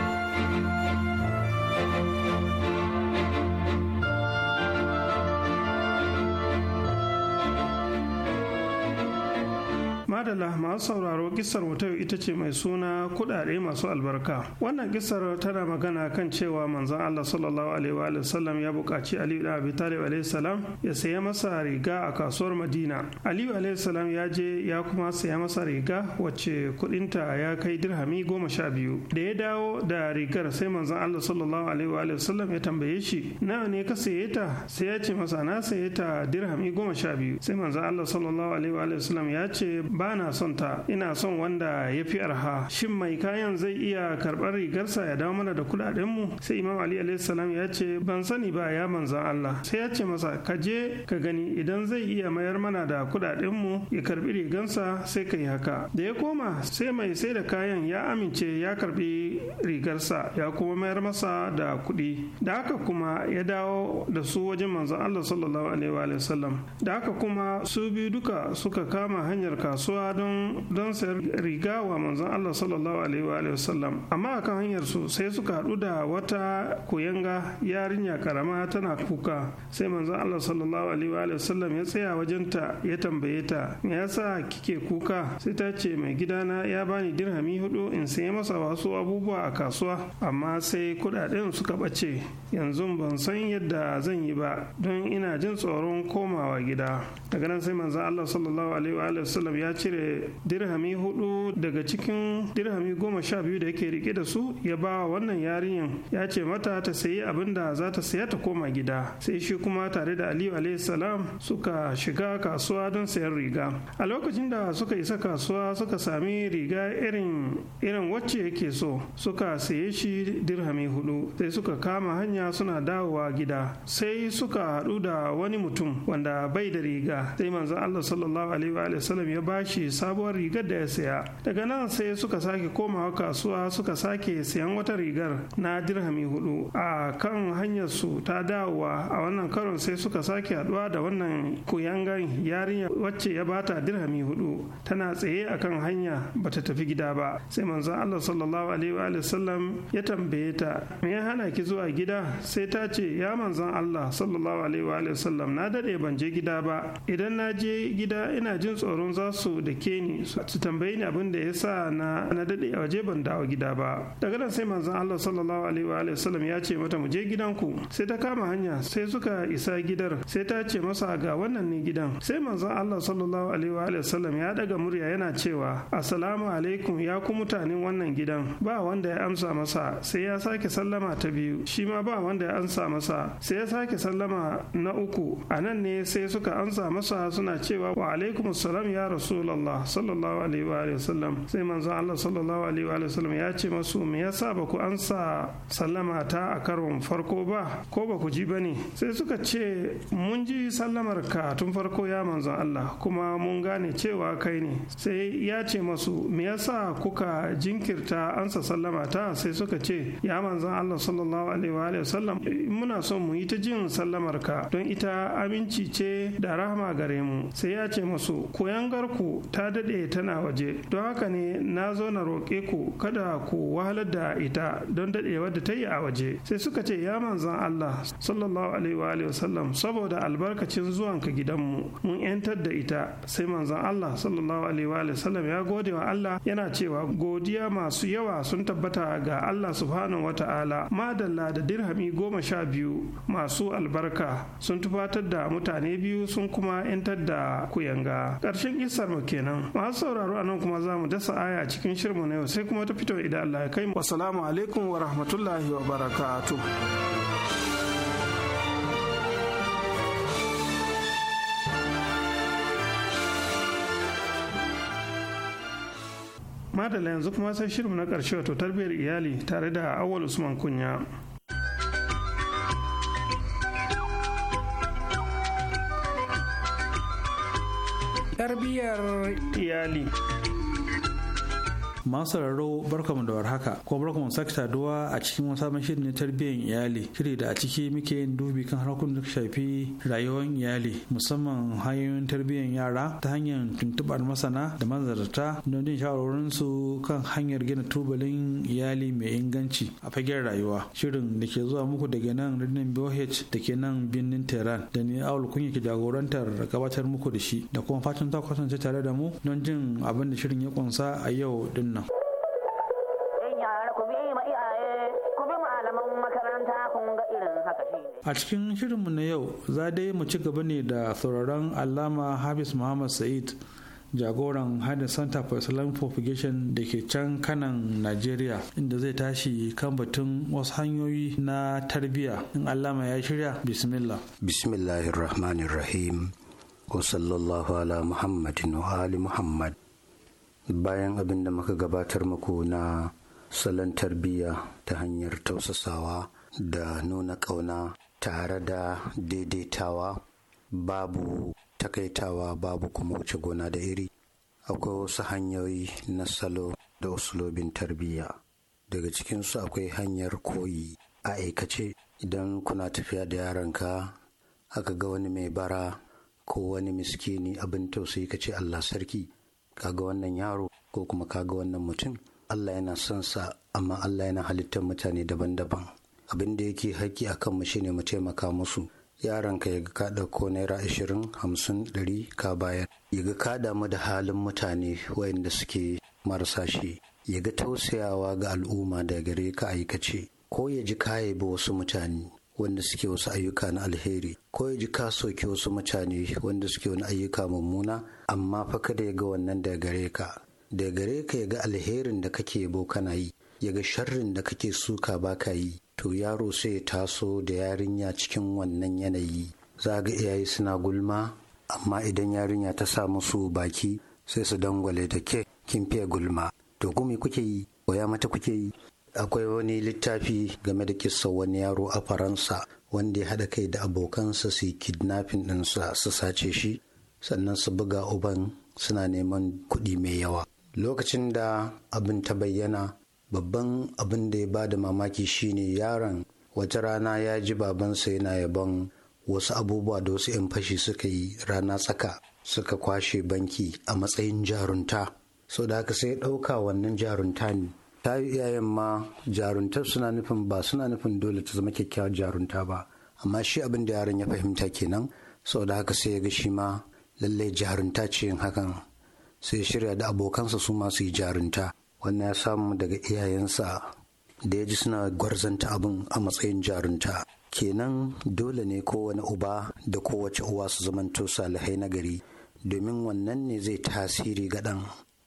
madalla masu sauraro kisar wata yau ita ce mai suna kudade masu albarka wannan kisar tana magana kan cewa manzon Allah sallallahu alaihi wa sallam ya buƙaci Ali ibn Abi Talib alaihi salam ya saya masa riga a kasuwar Madina Ali alaihi salam ya je ya kuma saya masa riga wacce kudinta ya kai dirhami goma sha biyu da ya dawo da rigar sai manzon Allah sallallahu alaihi wa sallam ya tambaye shi nawa ne ka saye ta sai ya ce masa na saye ta dirhami goma sha biyu sai manzon Allah sallallahu alaihi wa sallam ya ce ba na son ta ina son wanda ya fi arha shin mai kayan zai iya karɓar rigarsa ya dawo mana da kuɗaɗen mu sai imam ali salam ya ce ban sani ba ya manzan allah sai ya ce masa ka je ka gani idan zai iya mayar mana da kuɗaɗen mu ya karɓi rigarsa, sai ka yi haka da ya koma sai mai sai da kayan ya amince ya karɓi rigarsa ya kuma mayar masa da kuɗi da haka kuma ya dawo da su wajen manzan allah sallallahu alaihi wa sallam da haka kuma su biyu duka suka kama hanyar kasuwa kasuwa don sayar riga wa manzon Allah sallallahu alaihi wa wasallam amma akan hanyar su sai suka haɗu da wata koyanga yarinya karama tana kuka sai manzon Allah sallallahu alaihi wa wasallam ya tsaya wajen ta ya tambaye ta me yasa kike kuka sai ta ce mai gidana ya bani dirhami hudu in sayi masa wasu abubuwa a kasuwa amma sai kudaden suka bace yanzu ban san yadda zan yi ba don ina jin tsoron komawa gida daga nan sai manzon Allah sallallahu alaihi wa wasallam ya ce cire dirhami hudu daga cikin dirhami goma sha biyu da yake rike da su ya ba wannan yarinyan ya ce mata ta sayi abin da za ta saya ta koma gida sai shi kuma tare da aliyu salam suka shiga kasuwa don sayan riga a lokacin da suka isa kasuwa suka sami riga irin irin wacce yake so suka saye shi dirhami hudu sai suka kama hanya suna dawowa gida sai suka haɗu da wani mutum wanda bai da riga sai manzon allah sallallahu alaihi wa sallam ya bashi sabuwar rigar da ya saya daga nan sai suka sake komawa kasuwa suka sake sayan wata rigar na dirhami hudu a kan hanyar su ta dawowa a wannan karon sai suka sake haduwa da wannan kuyangan yarinya wacce ya bata dirhami hudu tana tsaye a kan hanya bata tafi gida ba sai manzon Allah sallallahu alaihi wa sallam ya tambaye ta me ya hana ki zuwa gida sai ta ce ya manzon Allah sallallahu alaihi wa sallam na dade ban je gida ba idan na je gida ina jin tsoron za su da da ke ni su tambayi ni abin da ya sa na na dade a waje ban dawo gida ba daga nan sai manzon Allah sallallahu alaihi wa alihi wasallam ya ce mata mu je gidanku sai ta kama hanya sai suka isa gidar sai ta ce masa ga wannan ne gidan sai manzon Allah sallallahu alaihi wa alihi wasallam ya daga murya yana cewa assalamu alaikum ya ku mutanen wannan gidan ba wanda ya amsa masa sai ya sake sallama ta biyu shi ma ba wanda ya amsa masa sai ya sake sallama na uku a nan ne sai suka amsa masa suna cewa wa alaikum assalam ya rasul rasulullah sallallahu alaihi wa sallam sai manzon Allah sallallahu alaihi wa sallam ya ce masu me yasa ba ku ansa sallama ta a karon farko ba ko ba ku ji bane sai suka ce mun ji sallamar ka tun farko ya manzon Allah kuma mun gane cewa kai ne sai ya ce masu me yasa kuka jinkirta ansa sallama ta sai suka ce ya manzon Allah sallallahu alaihi wa sallam muna son mu yi ta jin sallamar ka don ita aminci ce da rahama gare mu sai ya ce masu koyan garku ta daɗe tana waje don haka ne na zo na roƙe ku kada ku wahalar da ita don daɗewar da ta yi a waje sai suka ce ya manzan Allah sallallahu alaihi wa sallam saboda albarkacin zuwanka gidanmu mun yantar da ita sai manzan Allah sallallahu alaihi wa sallam ya gode wa Allah yana cewa godiya masu yawa sun tabbata ga Allah subhanahu wa ta'ala madalla da dirhami goma sha biyu masu albarka sun tufatar da mutane biyu sun kuma yantar da ku yanga. ƙarshen isar mu kenan masu sauraro anan kuma za mu dasa aya cikin shirmu na yau sai kuma ta fito idan Allah ya kai mu assalamu alaikum wa rahmatullahi wa barakatuh madalla yanzu kuma sai shirin na ƙarshe wato tarbiyyar iyali tare da awal usman kunya tarbiyyar iyali masu raro barkamu da warhaka ko barkamu sake saduwa a cikin wani sabon shirin na tarbiyyar iyali shiri da a ciki muke yin dubi kan harkokin da shafi rayuwar iyali musamman hanyoyin tarbiyyar yara ta hanyar tuntubar masana da manzarta don jin su kan hanyar gina tubalin iyali mai inganci a fagen rayuwa shirin da ke zuwa muku daga nan rinnin BOH da ke nan birnin Tehran da ni Awul Kunya ke jagorantar gabatar muku da shi da kuma fatan ta kasance tare da mu don jin abin da shirin ya kunsa a yau din nan. A cikin shirinmu na yau za dai mu ci gaba ne da sauraron alama Hafiz Muhammad Sa'id jagoran hadin Center for Islam Propagation da ke can kanan Najeriya inda zai tashi kan batun wasu hanyoyi na tarbiyya in alama ya shirya bismillah. Bismillahirrahmanirrahim. Wa sallallahu ala Muhammadin wa ali Muhammad. bayan abin da muka gabatar muku na salon tarbiyya ta hanyar tausasawa da nuna ƙauna tare da daidaitawa babu takaitawa babu kuma wuce gona da iri akwai wasu hanyoyi na salo da usulobin tarbiyya daga cikinsu akwai hanyar koyi a aikace idan kuna tafiya da yaranka aka ga wani mai bara ko wani miskini abin tausayi ka ce allah sarki kaga wannan yaro ko kuma kaga wannan mutum Allah yana son sa amma Allah yana halittar mutane daban-daban abin da yake haƙƙi a kanmu shine mu taimaka musu yaron ka yaga ka ɗauko naira ashirin hamsin ɗari ka bayar yaga ka damu da halin mutane wayanda suke marasa shi yaga tausayawa ga al'umma da gare ka aikace ko ya ji ka yabi wasu mutane wanda suke wasu ayyuka na alheri ko ya ji ka soke wasu mutane wanda suke wani ayyuka mummuna amma fa kada ya ga wannan da gare ka da gare ka ya ga alherin da kake yabo kana yi ya ga sharrin da kake suka baka yi to yaro sai ya taso da yarinya cikin wannan yanayi za ga iyaye suna gulma amma idan yarinya ta sa musu baki sai su dangwale da ke kin fiye gulma to gumi kuke yi ya mata kuke yi akwai wani littafi game da kisa wani yaro a faransa wanda ya haɗa kai da abokansa su yi kidnapping ɗinsa su sace shi sannan su buga uban suna neman kuɗi mai yawa lokacin da abin ta bayyana babban abin da ya ba da mamaki shine yaron wata rana ya ji babansa yana yabon wasu abubuwa da wasu 'yan fashi suka yi rana tsaka suka kwashe banki a matsayin jarunta sau da haka sai ɗauka wannan jarunta ne ta yi iyayen ma jaruntar suna nufin ba suna nufin dole ta zama kyakkyawar jarunta ba amma shi abin da yaron ya fahimta kenan saboda haka sai ya ga shi ma lallai jarunta ce yin hakan sai ya shirya da abokansa su masu yi jarunta wannan ya samu daga iyayensa da ya ji suna gwarzanta abin a matsayin jarunta kenan dole ne kowane uba da kowace uwa su zamanto salihai na gari domin wannan ne zai tasiri ga ɗan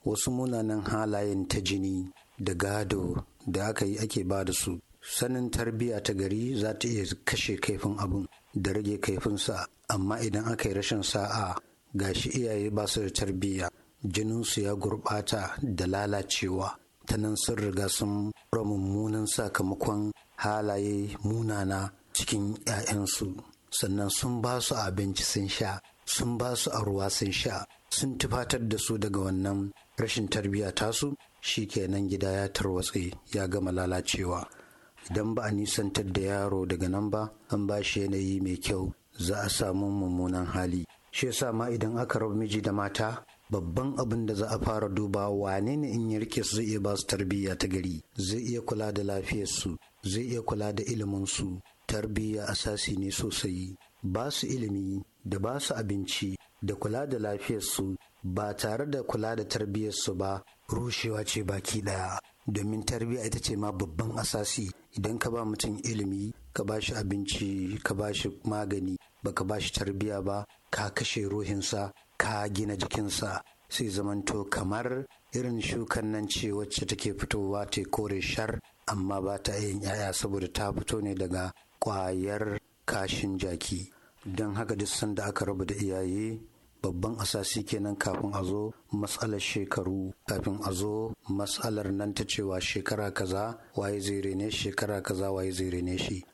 wasu munanan halayen ta jini da gado da aka yi ake ba da su sanin tarbiyya ta gari za ta iya kashe kaifin abun da rage kaifin sa, amma idan aka yi rashin sa'a ga shi iyaye ba su da tarbiyya jininsu ya gurɓata da lalacewa ta nan sun riga sun mummunan sakamakon halaye munana cikin 'ya'yansu sannan sun ba su abinci sun sha sun ba su a ruwa sun sha sun tufatar da su daga wannan rashin tarbiyya tasu shi kenan gida ya tarwatse ya gama lalacewa idan ba a nisantar da yaro daga nan ba an ba shi yanayi mai kyau za a samu mummunan hali shi yasa ma idan aka rabu miji da mata babban abin da za a fara duba wane ne in ya rike zai iya ba su tarbiyya ta gari zai iya kula da lafiyarsu zai iya kula da iliminsu tarbiyya asasi ne sosai ba su ilimi da ba su abinci da kula da lafiyarsu ba tare da kula da tarbiyyarsu ba rushewa ce baki ɗaya domin tarbiyya ita ce ma babban asasi idan ka ba mutum ilimi ka ba shi abinci ka ba shi magani ba ka ba shi tarbiyya ba ka kashe ruhinsa ka gina jikinsa sai zamanto kamar irin shukan nan ce wacce take fitowa ta kore shar amma ba ta yin yaya saboda ta fito ne daga kwayar kashin jaki don haka duk sanda aka raba da iyaye babban asasi kenan kafin a zo matsalar shekaru kafin a zo matsalar nan ta cewa shekara kaza waye zai rene shekara kaza waye zai rene shi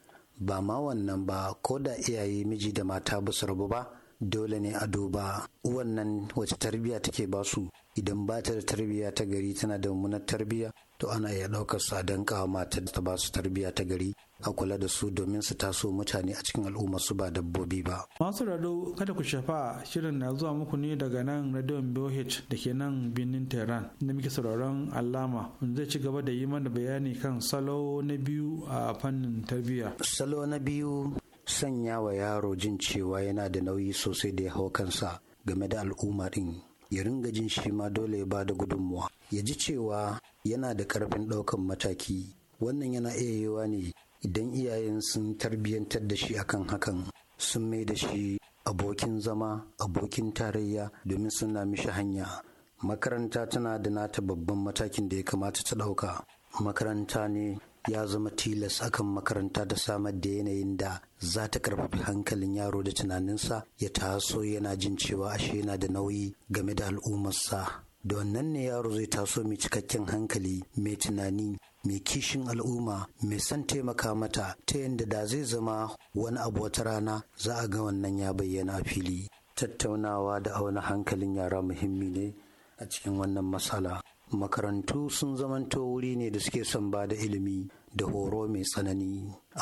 ba ma wannan ba ko da iyaye miji da mata ba su rabu ba dole ne a duba wannan wace tarbiyya take basu idan ba ta da tarbiyya ta gari tana da mummunar tarbiyya to ana iya ɗaukar su a danka da ta ba su tarbiyya ta gari a kula da su domin su taso mutane a cikin al'umma su ba dabbobi ba. Masu rado kada ku shafa shirin na zuwa muku ne daga nan Radio BOH da ke nan birnin Tehran na muke sauraron alama zai ci gaba da yi mana bayani kan salo na biyu a fannin tarbiyya. Salo na biyu sanya wa yaro jin cewa yana da nauyi sosai da ya hau kansa game da al'umma din ya ringa jin shi ma dole ya ba da gudunmuwa ya ji cewa yana da karfin ɗaukan mataki wannan yana iya yiwa ne idan iyayen sun tarbiyyantar da shi akan hakan sun mai da shi abokin zama abokin tarayya domin suna mishi hanya makaranta tana da nata babban matakin da ya kamata ta ɗauka makaranta ne ya zama tilas akan makaranta ta samar da yanayin da za ta karfafi hankalin yaro da tunaninsa ya taso yana jin cewa ashe yana da nauyi game da al'ummarsa da wannan ne yaro zai taso mai cikakken hankali mai tunani mai kishin al'umma mai son taimaka mata ta yadda da zai zama wani abu wata rana za a ga wannan ya bayyana a fili tattaunawa da auna hankalin yara muhimmi ne a cikin wannan matsala makarantu sun zamanto wuri ne da suke son ba da ilimi da horo mai tsanani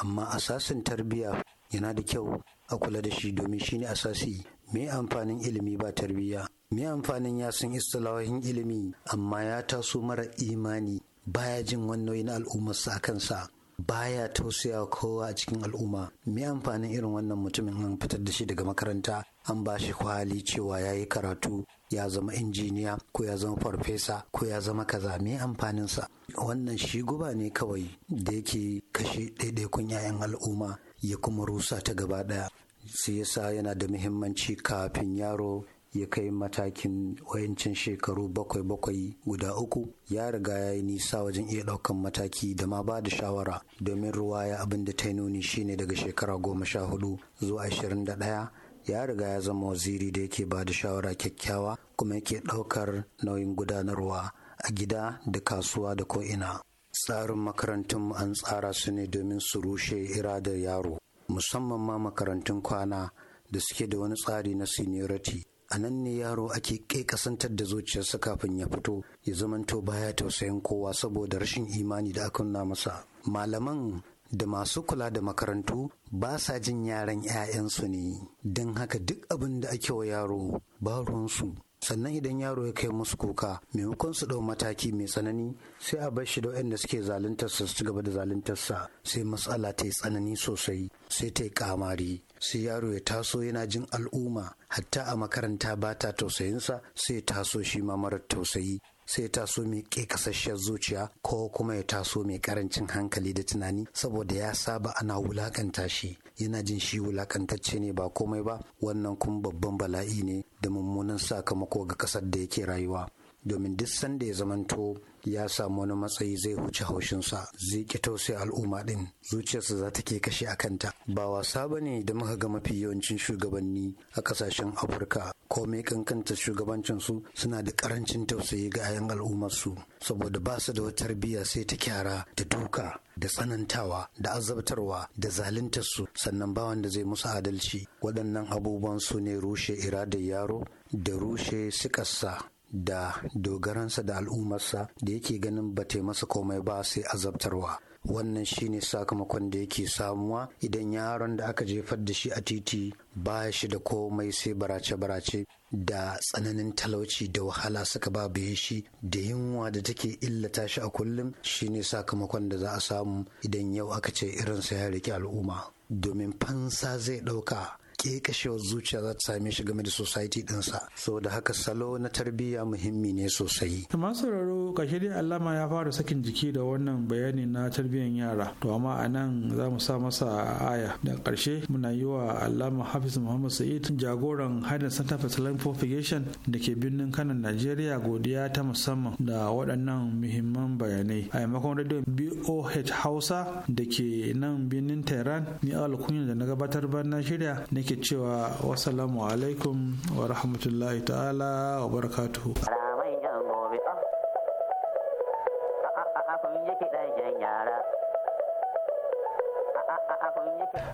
amma asasin tarbiyya yana da kyau a kula da shi domin shi shine asasi me amfanin ilimi ba tarbiyya me amfanin ya sun istilawahin ilimi amma ya taso mara imani baya jin wannan na al'ummarsa a kansa baya tausaya kowa a cikin al'umma me amfanin irin wannan mutumin an fitar da shi daga makaranta an ba shi kwali cewa ya yi karatu ya zama injiniya ko ya zama farfesa ko ya zama kaza me amfaninsa wannan shi guba ne kawai da yake kashe ɗaiɗaikun 'ya'yan al'umma ya kuma rusa ta gaba ɗaya sai yasa yana da muhimmanci kafin yaro ya kai matakin wayancin shekaru bakwai bakwai guda uku ya riga ya yi nisa wajen iya ɗaukan mataki da ma ba da shawara domin ruwaya abin da ta nuni shine daga shekara goma sha hudu zuwa ashirin da ɗaya ya riga ya zama waziri da yake ba da shawara kyakkyawa kuma yake ɗaukar nauyin gudanarwa a gida da kasuwa da ko'ina tsarin makarantun an tsara su ne domin su rushe iradar yaro musamman ma makarantun kwana da suke da wani tsari na seniority a nan ne yaro ake kasantar da zuciyarsa kafin ya fito ya zamanto baya tausayin kowa saboda rashin imani da aka nuna masa malaman da masu kula da makarantu ba sa jin yaran 'ya'yansu ne don haka duk abin da ake wa yaro ba ruwansu sannan idan yaro ya kai musu kuka maimakon su ɗau mataki mai tsanani sai a bar shi da waɗanda suke zaluntar su ci gaba da zaluntar sa sai matsala ta yi tsanani sosai sai ta yi kamari sai yaro ya taso yana jin al'umma hatta a makaranta ba ta tausayinsa sai ya taso shi ma marar tausayi sai ya taso mai kasasshiyar zuciya ko kuma ya taso mai ƙarancin hankali da tunani saboda ya saba ana wulakanta shi yana jin shi wulakantacce ne ba komai ba wannan kuma babban bala'i ne da mummunan sakamako ga ƙasar da yake rayuwa domin duk sanda ya zamanto ya samu wani matsayi zai huce haushinsa zai ki tausayi al'umma din zuciyarsa za ta ke kashe a kanta ba wasa ba ne da muka ga mafi yawancin shugabanni a kasashen afirka ko mai kankanta shugabancinsu suna da karancin tausayi ga 'yan al'ummarsu saboda ba su da wata tarbiyya sai ta kyara da duka da tsanantawa da azabtarwa da zaluntarsu sannan ba wanda zai musu adalci waɗannan abubuwan su ne rushe iradar yaro da rushe sikarsa da dogaransa da al'ummarsa da yake ganin ba masa komai ba sai azabtarwa wannan shine sakamakon da yake samuwa idan yaron da aka jefar da shi a titi ba shi da komai sai barace-barace da tsananin talauci da wahala suka ba bai shi da yunwa da take illata shi a kullum shine sakamakon da za a samu idan yau aka ce irinsa ya riƙe al'umma domin fansa zai ɗauka kekashewar zuciya za ta same shi game da society dinsa saboda haka salo na tarbiyya muhimmi ne sosai kamar sauraro kashe dai allama ya fara sakin jiki da wannan bayani na tarbiyyar yara to amma a nan za mu sa masa aya da karshe muna yi wa allama hafiz muhammad sa'id jagoran hadin center for talent propagation da ke birnin kano najeriya godiya ta musamman da waɗannan muhimman bayanai a yamakon radio boh hausa da ke nan birnin tehran ni alkunya da na gabatar ban na shirya nake nake cewa wasalamu alaikum wa rahmatullahi ta'ala wa barakatuhu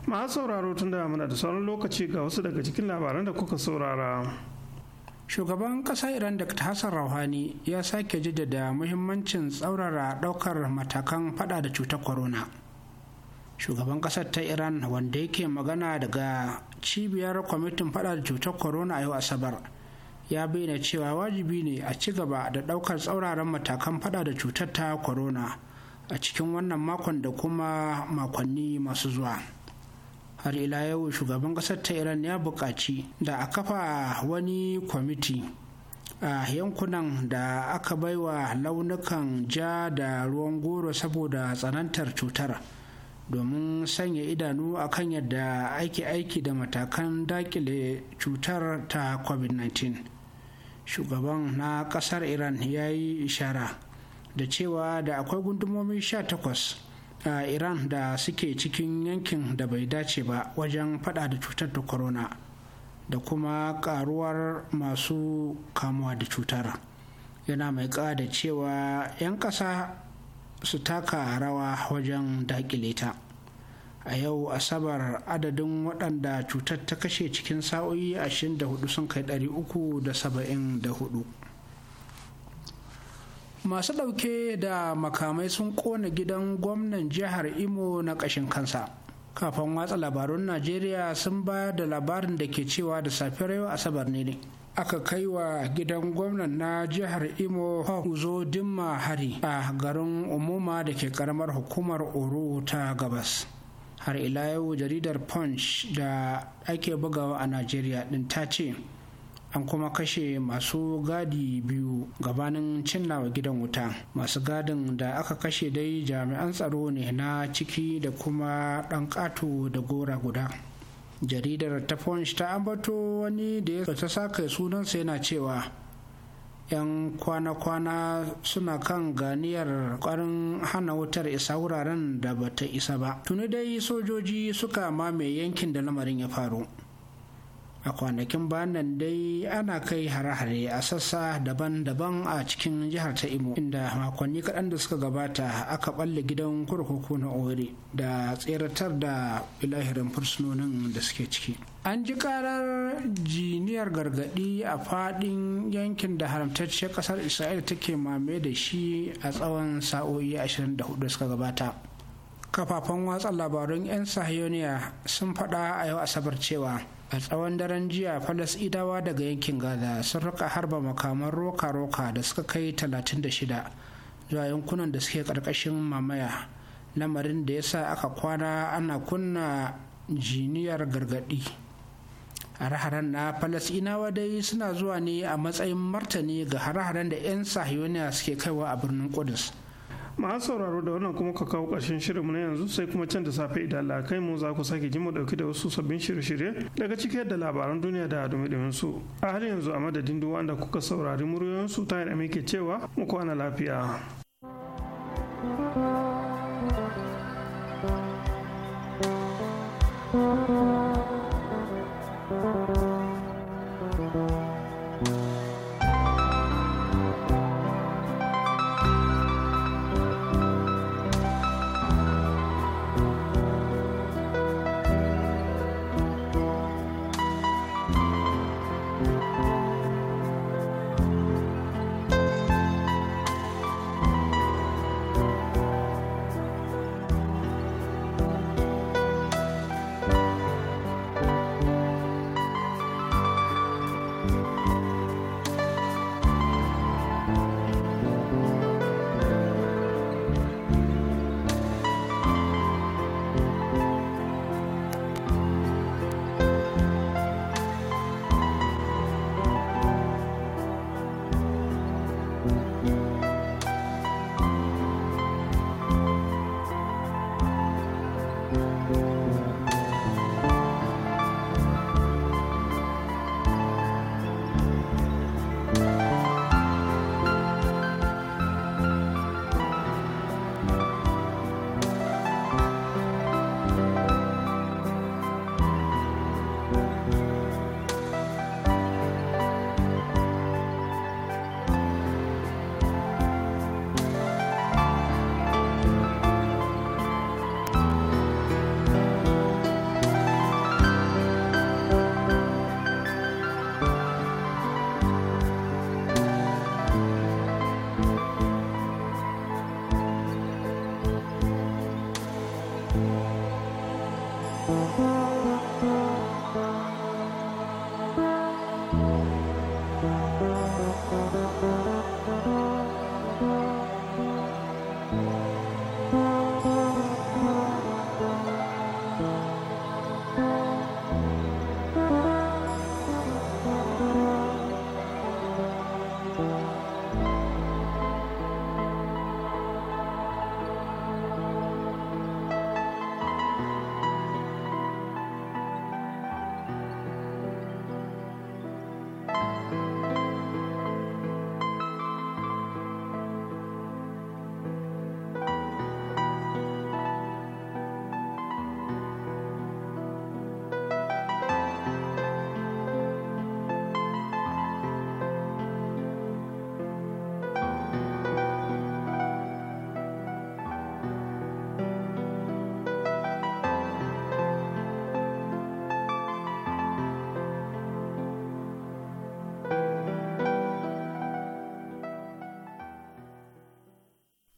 masu sauraro tun da muna da sauran lokaci ga wasu daga cikin labaran da kuka saurara shugaban ƙasa iran da hassan rauhani ya sake jaddada muhimmancin tsaurara ɗaukar matakan fada da cutar corona. shugaban kasar ta iran wanda yake magana daga cibiyar kwamitin faɗar cutar corona a yau asabar ya bayyana cewa wajibi ne a ci gaba da ɗaukar tsauraran matakan fada da cutar ta corona a cikin wannan makon da kuma makonni masu zuwa har ila yau shugaban kasar ta iran ya buƙaci da a kafa wani kwamiti a yankunan da aka baiwa launukan ja da ruwan goro saboda tsanantar cutar. domin sanya idanu a kan yadda ake aiki da matakan dakile cutar ta covid-19 shugaban na kasar iran ya yi ishara da cewa da akwai gundumomi 18 a iran da suke cikin yankin da bai dace ba wajen fada da cutar ta corona da kuma karuwar masu kamuwa da cutar yana mai kada cewa 'yan ƙasa su taka rawa wajen dakile ta a yau asabar adadin waɗanda cutar ta kashe cikin sa'o'i 24 sun kai 374 masu ɗauke da makamai sun ƙona gidan gwamnan jihar imo na ƙashin kansa kafin watsa labarun najeriya sun bayar da labarin da ke cewa da safiyar yau asabar ne ne aka kai wa gidan gwamnan na jihar imo uzo dimma hari a garin umuma da ke karamar hukumar oro ta gabas har ila yau jaridar punch da ake bugawa a najeriya din ta ce an kuma kashe masu gadi biyu gabanin cinnawa gidan wuta masu gadin da aka kashe dai jami'an tsaro ne na ciki da kuma ɗan ƙato da gora guda jaridar ta punch ta ambato wani da ya ta saka sunansa yana cewa 'yan kwana-kwana suna kan ganiyar ƙwarin hana wutar isa wuraren da bata isa ba tuni dai sojoji suka mame yankin da lamarin ya faru a kwanakin banan dai ana kai hare-hare a sassa daban-daban a cikin jihar ta imo inda makonni kaɗan da suka gabata aka balle gidan kurkuku na ori da tseratar da ilahirin fursunonin da suke ciki an ji karar jiniyar gargaɗi a faɗin yankin da haramtacce ƙasar isra'ila take mame da shi a tsawon sa'o'i 24 da suka gabata kafafen watsa labarun 'yan sahiyoniya sun faɗa a yau asabar cewa a tsawon daren jiya falasɗinawa daga yankin gaza sun rika harba makaman roka-roka da suka kai 36 zuwa yankunan da suke ƙarƙashin mamaya lamarin da ya sa aka kwana ana kunna jiniyar gargadi. har na falasinawa dai suna zuwa ne a matsayin martani ga har da 'yan sahiyoniya suke kaiwa a birnin kudus an sauraro da wannan kuma ka kawo ƙarshen shirinmu na yanzu sai kuma can da safe idan Kai mu za ku sake ji mu dauki da wasu sabbin shirye-shirye daga cikin yadda labaran duniya da dumi su a har yanzu a madadin duk wanda kuka saurari su ta yadda muke cewa mu kwana lafiya. thank you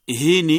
Hii ni